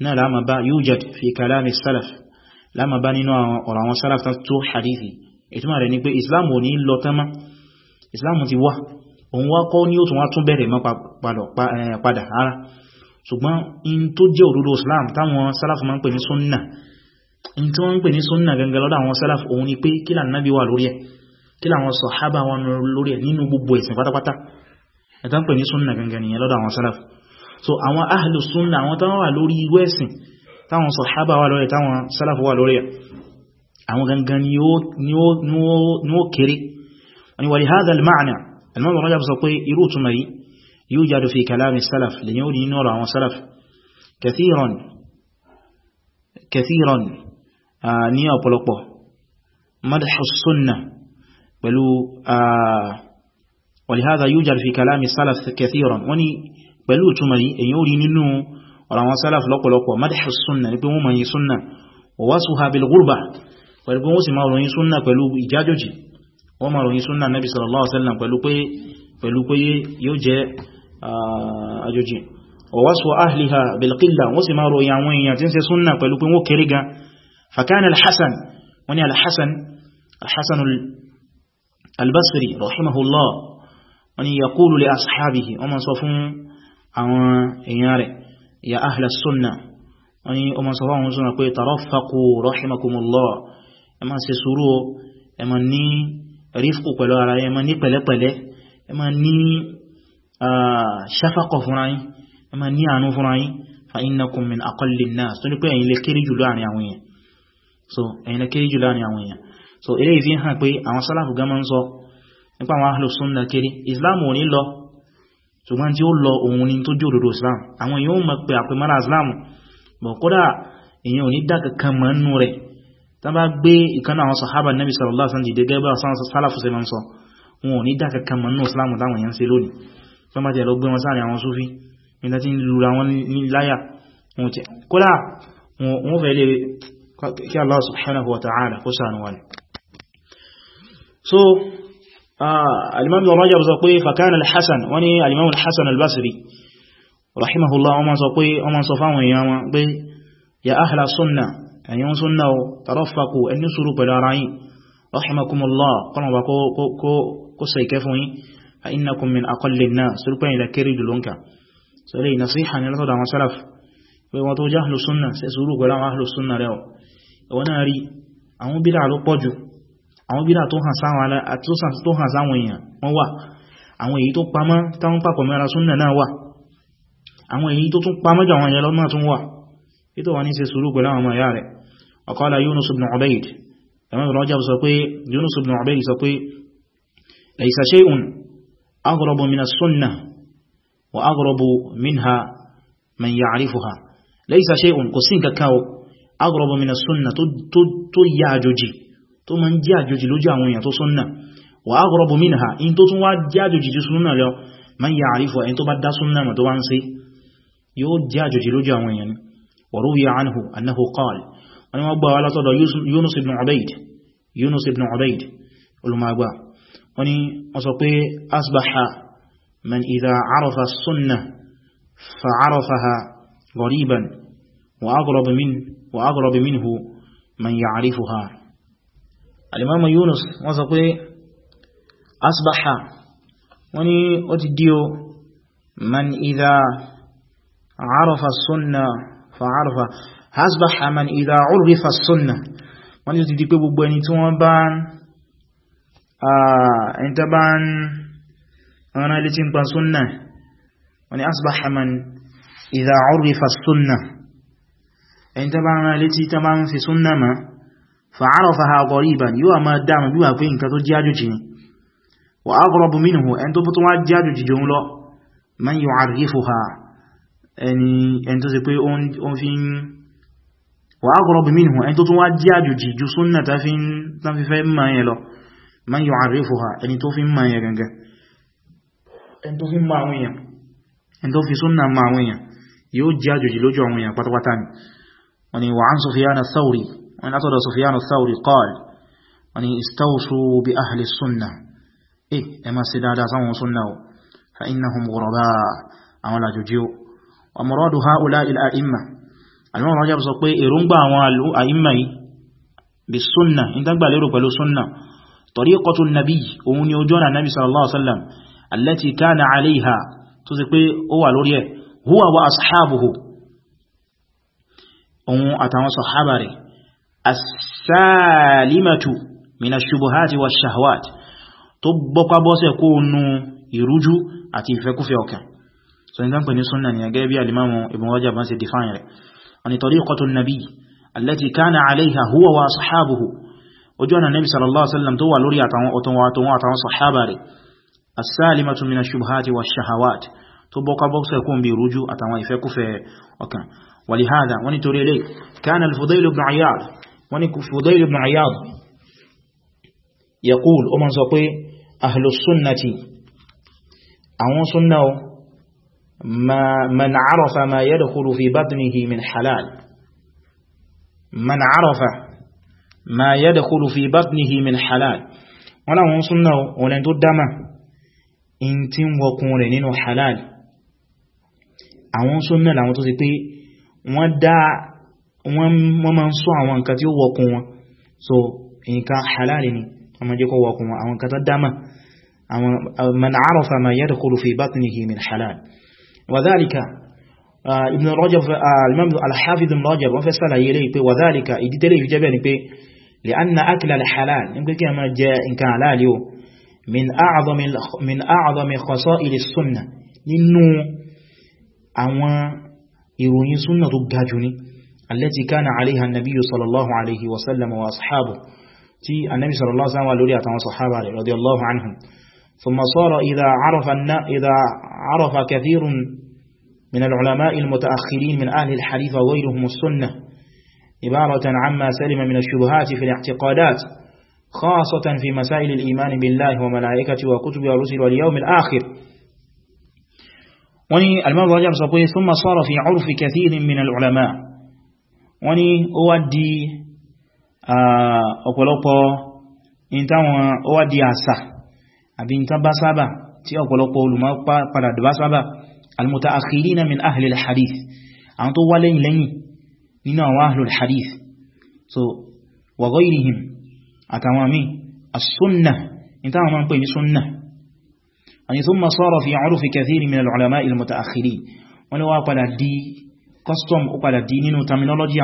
náà láàmà bá yujad fi kalami salaf láàmà bá nínú ọ̀rọ̀ ìtumọ̀ rẹ̀ ni pé islam ò ní lọ tán mọ́ islam ti wá òun wá kọ́ ní ó tún wá tún bẹ̀rẹ̀ mọ́ padà ara ṣùgbọ́n in tó jẹ́ òdodo islam táwọn sálàfù máa ń pè ní súnnà in tí wọ́n ń pè ní súnnà gangan lọ́dọ̀ àwọn sálàfù òun ni pé kí là nábí wà lórí ẹ̀ kí làwọn sàhábà wọn lórí ẹ̀ nínú gbogbo ẹ̀sìn pátápátá ẹ̀tọ́ ń pè ní súnnà gangan so àwọn ahlus súnnà àwọn táwọn wà lórí irú ẹ̀sìn táwọn sàhábà wà lórí ẹ̀ táwọn أمغنغنيو نيو نو نو كري أني يعني هذا المعنى المعنى رجب سوقي يروتمي يوجد في كلام السلف لنيودي نورا وسلف كثيرا كثيرا آه، نيا بلوكو مدح السنة بلو آه، ولهذا يوجد في كلام السلف كثيرا وني يعني بلو تمي يوري نو ولا وصلف لوكو لوكو مدح السنة يبقى مو من السنة ووصفها بالغربة pẹ̀lú pé wọ́n sì máa ròyìn súnnà pẹ̀lú ìjájòjì wọ́n máa ròyìn súnnà nabi sallallahu alaihi wasallam pẹ̀lú pé yóò jẹ́ àjòjì wa wasfu ahliha bil qilla wọ́n sì máa ròyìn àwọn èèyàn tí ń ṣe súnnà ya ahla sunna wọ́n ni wọ́n máa sọ fún àwọn sunna pé tarafaqu rahimakumullah ẹ máa ṣe sùúrù o ẹ máa ní rífkù pẹ̀lú ara yín ẹ máa ní pẹ̀lẹ́pẹ̀lẹ́ ẹ máa ní ṣáfàkọ̀ fúnra yín ẹ máa ní àánú fúnra fa innakum min aqalli an tó ní pé ẹ̀yin lè kéré jù láàrin àwọn èèyàn so ẹ̀yin lè kéré so ilé ìfi hàn pé àwọn sálàfù gan máa ń sọ nípa àwọn ahlus sunnah kéré islam ò ní lọ ṣùgbọ́n tí ó lọ òun ni tó jòdòdó islam àwọn èèyàn ó mọ̀ pé àpẹmọ́ra islam bọ̀ kódà èèyàn ò ní dákẹ̀kan mọ́ nú rẹ̀ tán bá gbé ìkan àwọn sàhábà nẹ́bí sallallahu alaihi wasallam dìde gẹ́gẹ́ bá sálàfù sí máa ń sọ wọn ò ní dá kankan mọ̀ nínú islam táwọn èèyàn ṣe lónìí tán bá ti lọ gbé wọn sáàrin àwọn súfí nígbà tí ń so alimami wa Rajab sọ pé fakan al-Hasan wani alimami al-Hasan al-Basri rahimahullah wọn sọ pé wọn sọ fáwọn ẹ̀yin súnnà o tàrọ́fàkù ẹni sùúrù pẹ̀lú ara yìí rahimakumullah kọlọ̀wà kó sọ ìkẹ́ fún yín a innakum min aqalli an-nas sùrùpẹ̀yìn da kéré jùlọ́nkà so ilé nasiha ni látọ̀dọ̀ àwọn salaf pé wọ́n tó jáhùlù súnnà ṣe sùúrù pẹ̀lú àwọn ahùlù súnnà rẹ̀ wọ́n náà rí àwọn bídà ló pọ̀ jù àwọn bídà tó hàn sáwọn èèyàn wọ́n ìtò wà ní ṣe sùúrù pẹ̀lú àwọn ọmọ rẹ̀ ọ̀kọ́lá Yunus ibn Ubayd Imam Rajab sọ pé Yunus ibn Ubayd sọ pé laysa shay'un aghrabu min as-sunnah wa aghrabu minha man ya'rifuha laysa shay'un kò sí nǹkan kan aghrabu min as-sunnah tó yá àjòjì tó ma ń jẹ́ àjòjì lójú àwọn èèyàn tó sunnah wa man ya'rifuha in tó bá dá sunnah mọ̀ tó yóò jẹ́ àjòjì lójú àwọn èèyàn وروي عنه أنه قال أنا أبا على صدى يونس بن عبيد يونس بن عبيد ولما أبا وني أصبي أصبح من إذا عرف السنة فعرفها غريبا وأغرب, من وأغرب منه من يعرفها الإمام يونس وصفه أصبح وني أتديو من إذا عرف السنة fa'arfa hasbaha man idha urifa sunna wọ́n ni ó ti di pé gbogbo ẹni tí wọ́n bá ń tàbá ń rán ilé tí ń pa sunna wọ́n ni hasbaha man idha urifa sunna ẹni tàbá ń rán ilé tí tàbá ń fi sunna ma fa'arfaha ghariban yóò máa dáhùn bí wà pé nǹkan tó jájòjì ni wa aghrabu minhu ẹni tó fún tó wá jájòjì jòun lọ man yu'arrifuha ẹni tó ṣe pé ó fi ń wà ágọ́rọ̀bù mínú ẹni tó tún wá jí àjòjì ju súnnà tá fi ń fẹ́ mọ̀ yẹn lọ ma yọ àrífò ha ẹni tó fi mọ̀ yẹn gangan ẹni tó fi mọ̀ àwọn èèyàn ẹni tó fi súnnà mọ̀ àwọn èèyàn yóò jí àjòjì lójú àwọn èèyàn pátápátá ni wani wa an sufiyana sauri wani àwọn àjòjì o ومراد هؤلاء الأئمة الإمام رجب سوى إرنبا والأئمة بالسنة إن تنبع ليرو بلو سنة طريقة النبي ومن يوجون النبي صلى الله عليه وسلم التي كان عليها تسيقى هو لوريه هو وأصحابه أمو أتوا صحابه السالمة من الشبهات والشهوات تبقى بوسيقون يرجو أتي فكفي وكان so in dánkù ní súnnà ni a gẹ́bí alimamu ibn Rajab ban se define rẹ̀ wani tariqatu nabi allati kana alaiha huwa wa sahabuhu ojú ọ̀nà nabi sallallahu alaihi wasallam tó wà lórí àtàwọn ọ̀tọ̀ wa àtàwọn àtàwọn sahaba rẹ̀ as ولهذا ونتوري كان الفضيل بن عياض ونفضيل بن عياض يقول أمن سقي أهل السنة أهل السنة ما من عرف ما يدخل في بطنه من حلال من عرف ما يدخل في بطنه من حلال ولا àwọn súnnà olẹ́n tó dámà in tí ń wọkùn rẹ̀ nínú halal àwọn súnnà làwọn tó sì pé ma ń sọ àwọn nǹkan tí ó wọkùn so nǹkan halal ni wọ́n ma jẹ́ kó wọkùn wọn àwọn nǹkan tó dámà man arafa ma yadkhulu fi batnihi min halal وذلك ابن رجب الإمام الحافظ ابن رجب wọ́n fẹ́ sàlàyé eléyìí pé وذلك ìdítẹ́lẹ̀ ìfẹ́ jẹ́bẹ̀ ni pé لأن أكل الحلال nígbé kí a máa كان nǹkan من o من أعظم خصائل السنة nínú àwọn ìròyìn súnnà tó gajù ní التي كان عليها النبي صلى الله عليه وسلم وأصحابه tí annabi sallallahu alaihi wasallam lórí àtàwọn sahaba rẹ̀ radiyallahu anhum ثم صار إذا عرف, إذا عرف كثير من العلماء المتأخرين من أهل الحديث وغيرهم السنة عبارة عما سلم من الشبهات في الاعتقادات خاصة في مسائل الإيمان بالله وملائكته وكتبه ورسل واليوم الآخر وني المرضى ثم صار في عرف كثير من العلماء وني أودي آه، أقول أقول أودي أسه àbí nǹkan bá sábà tí ọ̀pọ̀lọpọ̀ olùmọ̀ padà bá sábà al-mutaakhirina min ahli hadith àwọn tó wá lẹ́yìn lẹ́yìn nínú àwọn ahli hadith so wa ghayrihim àtàwọn míì as-sunnah níta àwọn máa ń pè ní sunnah àni thumma sara fi 'urfi kathirin min al-ulama al-mutaakhirin wọ́n ni wá padà di custom ó padà di nínú terminology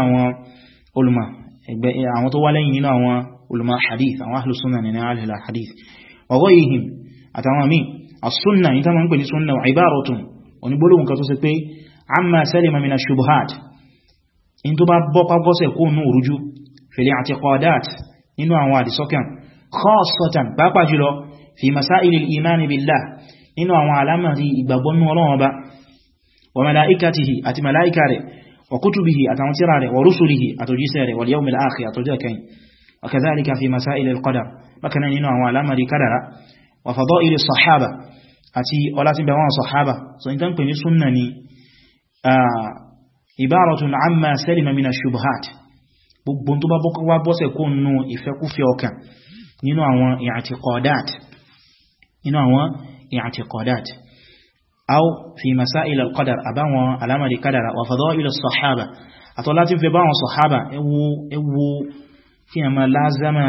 ọ̀rọ̀ ihim àtàwọn míì as-sunnah ní tàbí ń pè ní sunnah wa ibaratun onígbólóhùn kan tó sì pé amma salima mina shubuhat in tó bá bọ́ pàbọ́sẹ̀ kó nù rújú fil i'tiqadat nínú àwọn àdìsọ́kàn khassatan pàápàá jùlọ fi masailil imani billah nínú àwọn alámàrí ìgbàgbọ́ nínú وكذلك في مسائل القدر بكنا نينو àwọn àlámọ̀rí kádàrá وفضائل الصحابة àti ọlá tí ń bẹ fún sàhábà so in tan pè ní sunna ni ibaratun amma salima min ash-shubuhat gbogbo tó bá bọ́kọ́ wá bọ́sẹ̀ kó nù ìfẹ́kúfẹ́ ọkàn nínú àwọn i'tiqadat nínú àwọn i'tiqadat aw fi masail al-qadar àbáwọn àlámọ̀rí kádàrá wa fadail as-sahaba àtọ́lá tí ń fẹ́ báwọn sàhábà ẹwọ kí a máa lázama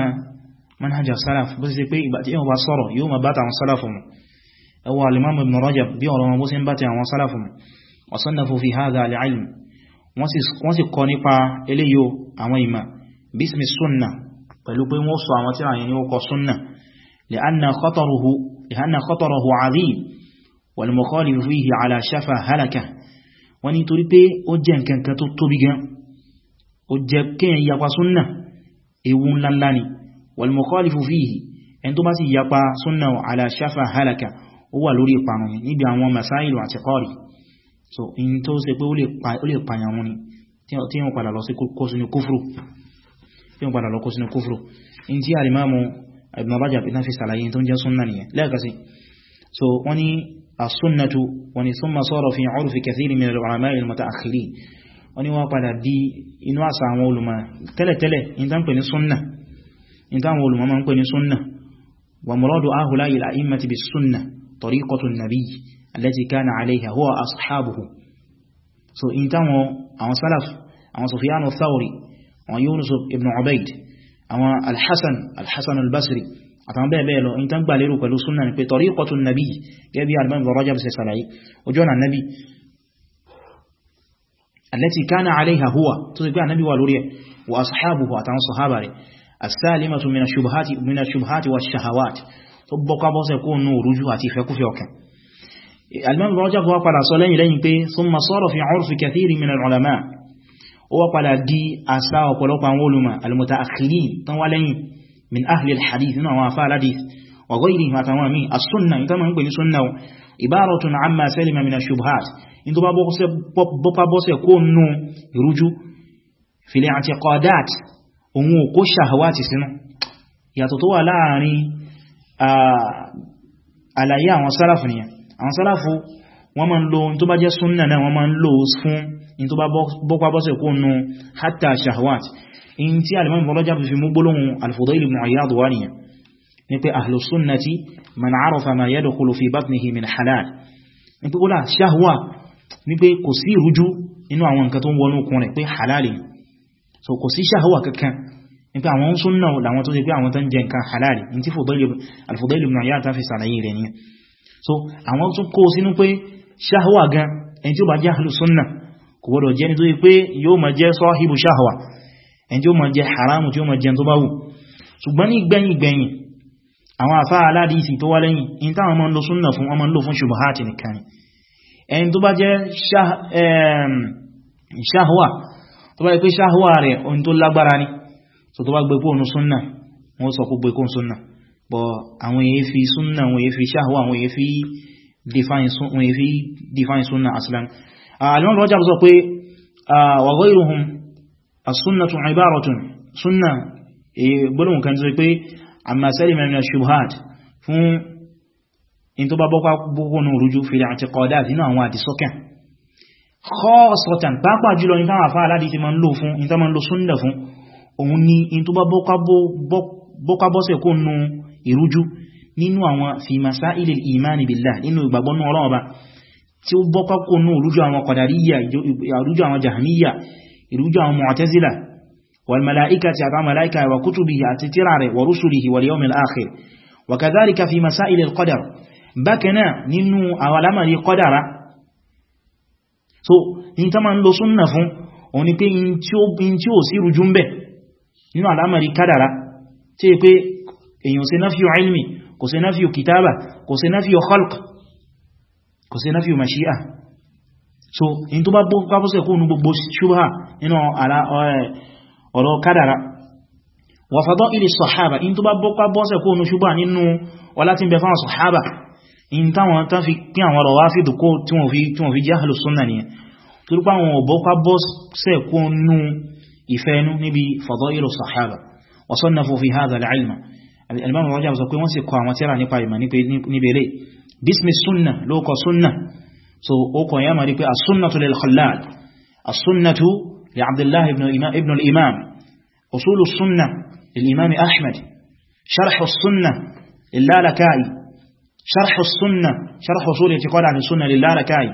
manhaja salaf bó sì pé ìgbà tí wọ́n bá sọ̀rọ̀ yóò máa bá tàwọn salaf mu ẹwà alimam ibn rajab bí ọ̀rọ̀ wọn bó sì ń bá ti àwọn salaf mu wa sannafu fi hadha al-ilm wọ́n sì kọ nípa eléyò àwọn ìmà bísmi sunna pẹ̀lú pé wọ́n sọ àwọn tíra yẹn ni kọ sunna li'anna khataruhu li'anna khataruhu azim wal halaka wọ́n ni torí pé ó jẹ́ nǹkan tó tóbi gan ó jẹ́ kéèyàn ewu ńláńlá ni walmukhalifu fihi ẹni tó bá sì yapa súnnà ala shafa halaka ó wà lórí ìparun ni níbi àwọn masáìlù àti kọ́rì so in tó ṣe pé ó lè pàyàn wọn ni tí wọ́n padà lọ sí kó sínú kúfrù tí wọ́n padà lọ kó sínú kúfrù in tí alimamu ibn rajab idan fi sàlàyé tó ń jẹ́ súnnà nìyẹn lẹ́ẹ̀kasí so wọ́n ni as-sunnatu wọ́n ni thumma sara fi 'urfi kathiri min al-ulama'i al-muta'akhirin wọ́n ní wọ́n padà di inú àṣà àwọn olùmọ̀ tẹ́lẹ̀tẹ́lẹ̀ ìtànpẹ̀ ní súnnà ìtànwọ̀ olùmọ̀ ma ń pè ní súnnà wà muradu ahùlá ìlà ìmàtí bí súnnà tariqatun nabi allati kana alayha huwa ashabuhu so ìtànwọ̀ àwọn salaf àwọn sufyan al-thawri àwọn yunus ibn ubayd àwọn alhassan alhassan al-basri àtàwọn bẹ́ẹ̀ bẹ́ẹ̀ lọ ìtàngbà lérò pẹ̀lú súnnà ni pé tariqatun التي كان عليها هو تذكر النبي والوري وأصحابه أتعن صحابه السالمة من الشبهات, من الشبهات والشهوات تبقى بس يكون نور رجوعتي فيكفي وكن المام رجب هو صلي لين بي ثم صار في عرف كثير من العلماء هو وقال دي أسا وقلوب علماء المتأخرين طوالين من أهل الحديث نوع فالحديث وغيرهم أتوامي السنة يتمنى بني سنة ibaratun amma salima min ash-shubhat in tó bá bo se bo pa bo se ko nu ìrújú fil i'tiqadat ohun o ko shahawati sínú yàtọ̀ tó wà láàrin àlàyé àwọn sálàfù nìyàn àwọn sálàfù wọ́n ma ń lo in tó bá jẹ́ súnnà náà wọ́n ma ń lo fún in tó bá bọ́pá bọ́sẹ̀ kó nù hatta shahawat in tí alimọ́n bọ́lọ́jà fi mú gbólóhùn al-Fudayl ibn nìyàn nípe ahlu sunnati man arafa ma yadkhulu fi batnihi min halal nípe ọlá ṣáhùwà nípe kò sí ìrújú inú àwọn nǹkan tó ń wọnú okùn rẹ̀ pé halali so kò sí ṣáhùwà kankan nípe àwọn súnnà làwọn tó ṣe pé àwọn tó ń jẹ nǹkan halali ní tí al-Fudayl ibn Iyad ta fi sàlàyé rẹ̀ ni so àwọn tún kó sínú pé ṣáhùwà gan ẹni tí ó bá jẹ́ ṣùgbọ́n ní gbẹ̀yìn gbẹ̀yìn àwọn àfá aládìsí tó wá lẹ́yìn in táwọn ọmọ lò súnnà fún ọmọ lò fún ṣubuhati nìkan ni ẹni tó bá jẹ́ ṣáhùwà tó bá jẹ́ pé ṣáhùwà rẹ̀ ohun tó lágbára ni so tó bá gbé kó súnnà wọ́n sọ kó gbé kó súnnà bọ̀ àwọn èyí fi súnnà wọ́n èyí fi ṣáhùwà wọ́n èyí fi define súnnà aslan ah, alimọ́ lọ́jà sọ pé ah, wa ghayruhum eh, pé amma salima min ash-shubuhat fún in tó bá bọ́pá gbogbo ní orújú fil i'tiqadat nínú àwọn àti sọ́kàn khassatan pápá jùlọ ní táwọn àfáà aládìí ti ma ń lò fún in tó ma ń lò súnnà fún òun ni in tó bá bọ́pá bọ́sẹ̀ kó nú ìrújú nínú àwọn fi masailil imani billah nínú ìgbàgbọ́ nú Ọlọ́run Ọba tí ó bọ́pá kó nú àwọn qadariyya ìrújú àwọn jahmiyya ìrújú àwọn mu'tazila والملائكة أتعى ملائكة وكتبه أتترار ورسله واليوم الآخر وكذلك في مسائل القدر بكنا ننو أولما لقدر so in ta ma ń lo súnnà fún o ni pé in tí ó sí rújú ń bẹ̀ nínú alamari kádàrá tí è pé èyàn ṣe náfíò ilmi kò ṣe náfíò kìtàbà kò ṣe náfíò khalq kò ṣe náfíò mashi'a so in tó bá bó sẹ́kún gbogbo ṣubha nínú ọ̀rọ̀ kádàrá wa fadaili sahaba in tó bá bọ́pá bọ́sẹ̀ kó nù ṣubá nínú ọlá tí ń bẹ fáwọn sahaba in táwọn tán fi pín àwọn ọ̀rọ̀ wáfí dùkó tí wọ́n fi jẹ́ ahlu sunna nìyẹn tó rúpa àwọn ọ̀bọ́pá bọ́sẹ̀ kó nù ìfẹ́nu níbi fadaili sahaba wa sannafu fi hadha al-ilma al-imam Rajab sọ pé wọ́n sì kọ àwọn tírà nípa ìmọ̀ níbi لعبد الله بن الإمام, ابن الإمام أصول السنة للإمام أحمد شرح السنة للالكائي شرح السنة شرح أصول اعتقاد عن السنة للالكائي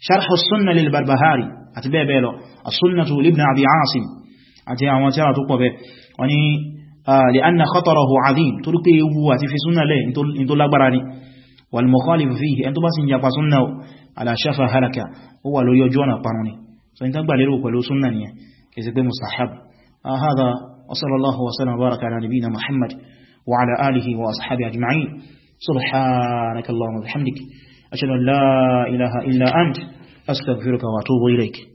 شرح السنة للبربهاري أتبع بيلو السنة لابن عبي عاصم أتبع وانترى تقوى به وني آه، لأن خطره عظيم تلقي هو في سنة ليه انتو براني والمخالف فيه انتو بس يجب سنة على شفا هلك هو لو يجونا براني فإن كان gbà lérò pẹ̀lú súnnà nìyẹn هذا وصلى الله وسلم وبارك على نبينا محمد وعلى آله وأصحابه أجمعين سبحانك اللهم وبحمدك أشهد أن لا إله إلا أنت أستغفرك وأتوب إليك